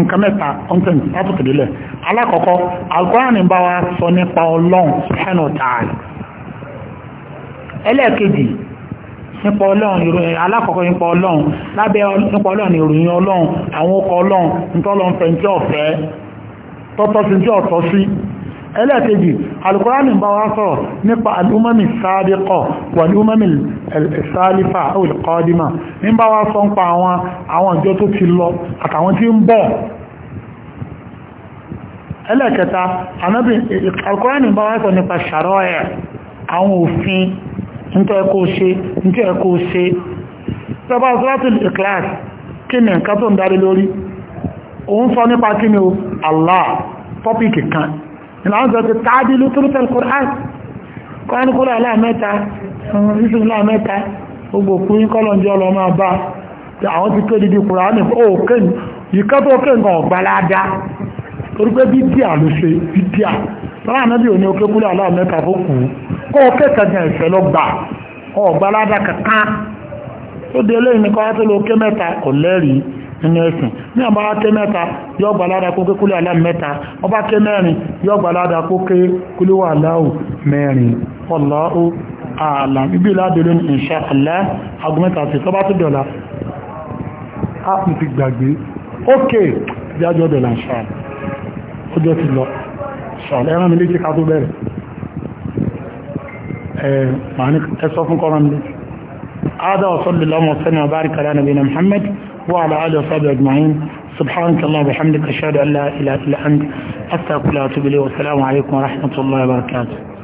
nǹkan mẹ́ta kọ́ntẹ́ntì lápùtìlélẹ̀ alákọ̀ọ́kọ́ al bá wa sọ nípa Ọlọ́run subhanahu wa ẹlẹ́ẹ̀kejì nípa ọlọ́run lábẹ́ nípa ọlọ́run ìròyìn ọlọ́run àwọn ọkọ̀ ọlọ́run ẹlẹ́ẹ̀kejì alukùránì bá wá sọ̀rọ̀ nípa alúmọ́mì sáàdìkọ̀ wàlúmọ́mì sáàlífà olùkọ́dímà ní bá wá sọ ń pa àwọn àwọn ìjọ tó ti lọ àtàwọn tí ń bọ̀ ẹlẹ́ẹ̀kẹta alukùránì bá wá sọ nípa ṣàrọ́ ẹ̀ àwọn òfin nítorí kó ṣe nítorí kó ṣe ìlànà ti tààdì lútúrútẹ̀ kùrán kọ́ni kọ́lọ̀ aláàmẹ́ta ìsìn aláàmẹ́ta gbogbo fún kọ́lọ̀njẹ́ ọlọ́ máa bá àwọn ti ké dìdí kùránì òkèn ìkẹ́tọ̀ òkèn kan ọ̀gbáládá torí pé bídíà ló ṣe bídíà láàánábì òní oké kúlẹ̀ aláàmẹ́ta tó kù kọ́ òkè kẹjẹ ìfẹ́ lọ gbà ọ̀gbáládá kankan ó dé lẹ́yìn ní kọ́ nínú ẹ̀sìn ní ọba ké mẹ́ta yóò gbà ládàá kó ké kúlé aláà mẹ́ta ọba ké mẹ́rin yóò gbà ládàá kó ké kúlé wà láwù mẹ́rin wallahu a'lam ibi ládìrí ní insha Allah agúnmẹ́ta sí tọ́bá tó dọ̀la a ń ti gbàgbé ókè jájọ́ dọ̀la insha هذا وصلى الله وسلم وبارك على نبينا محمد وعلى آله وصحبه أجمعين سبحانك اللهم وبحمدك أشهد أن لا إله إلا أنت أستغفرك وأتوب إليه والسلام عليكم ورحمة الله وبركاته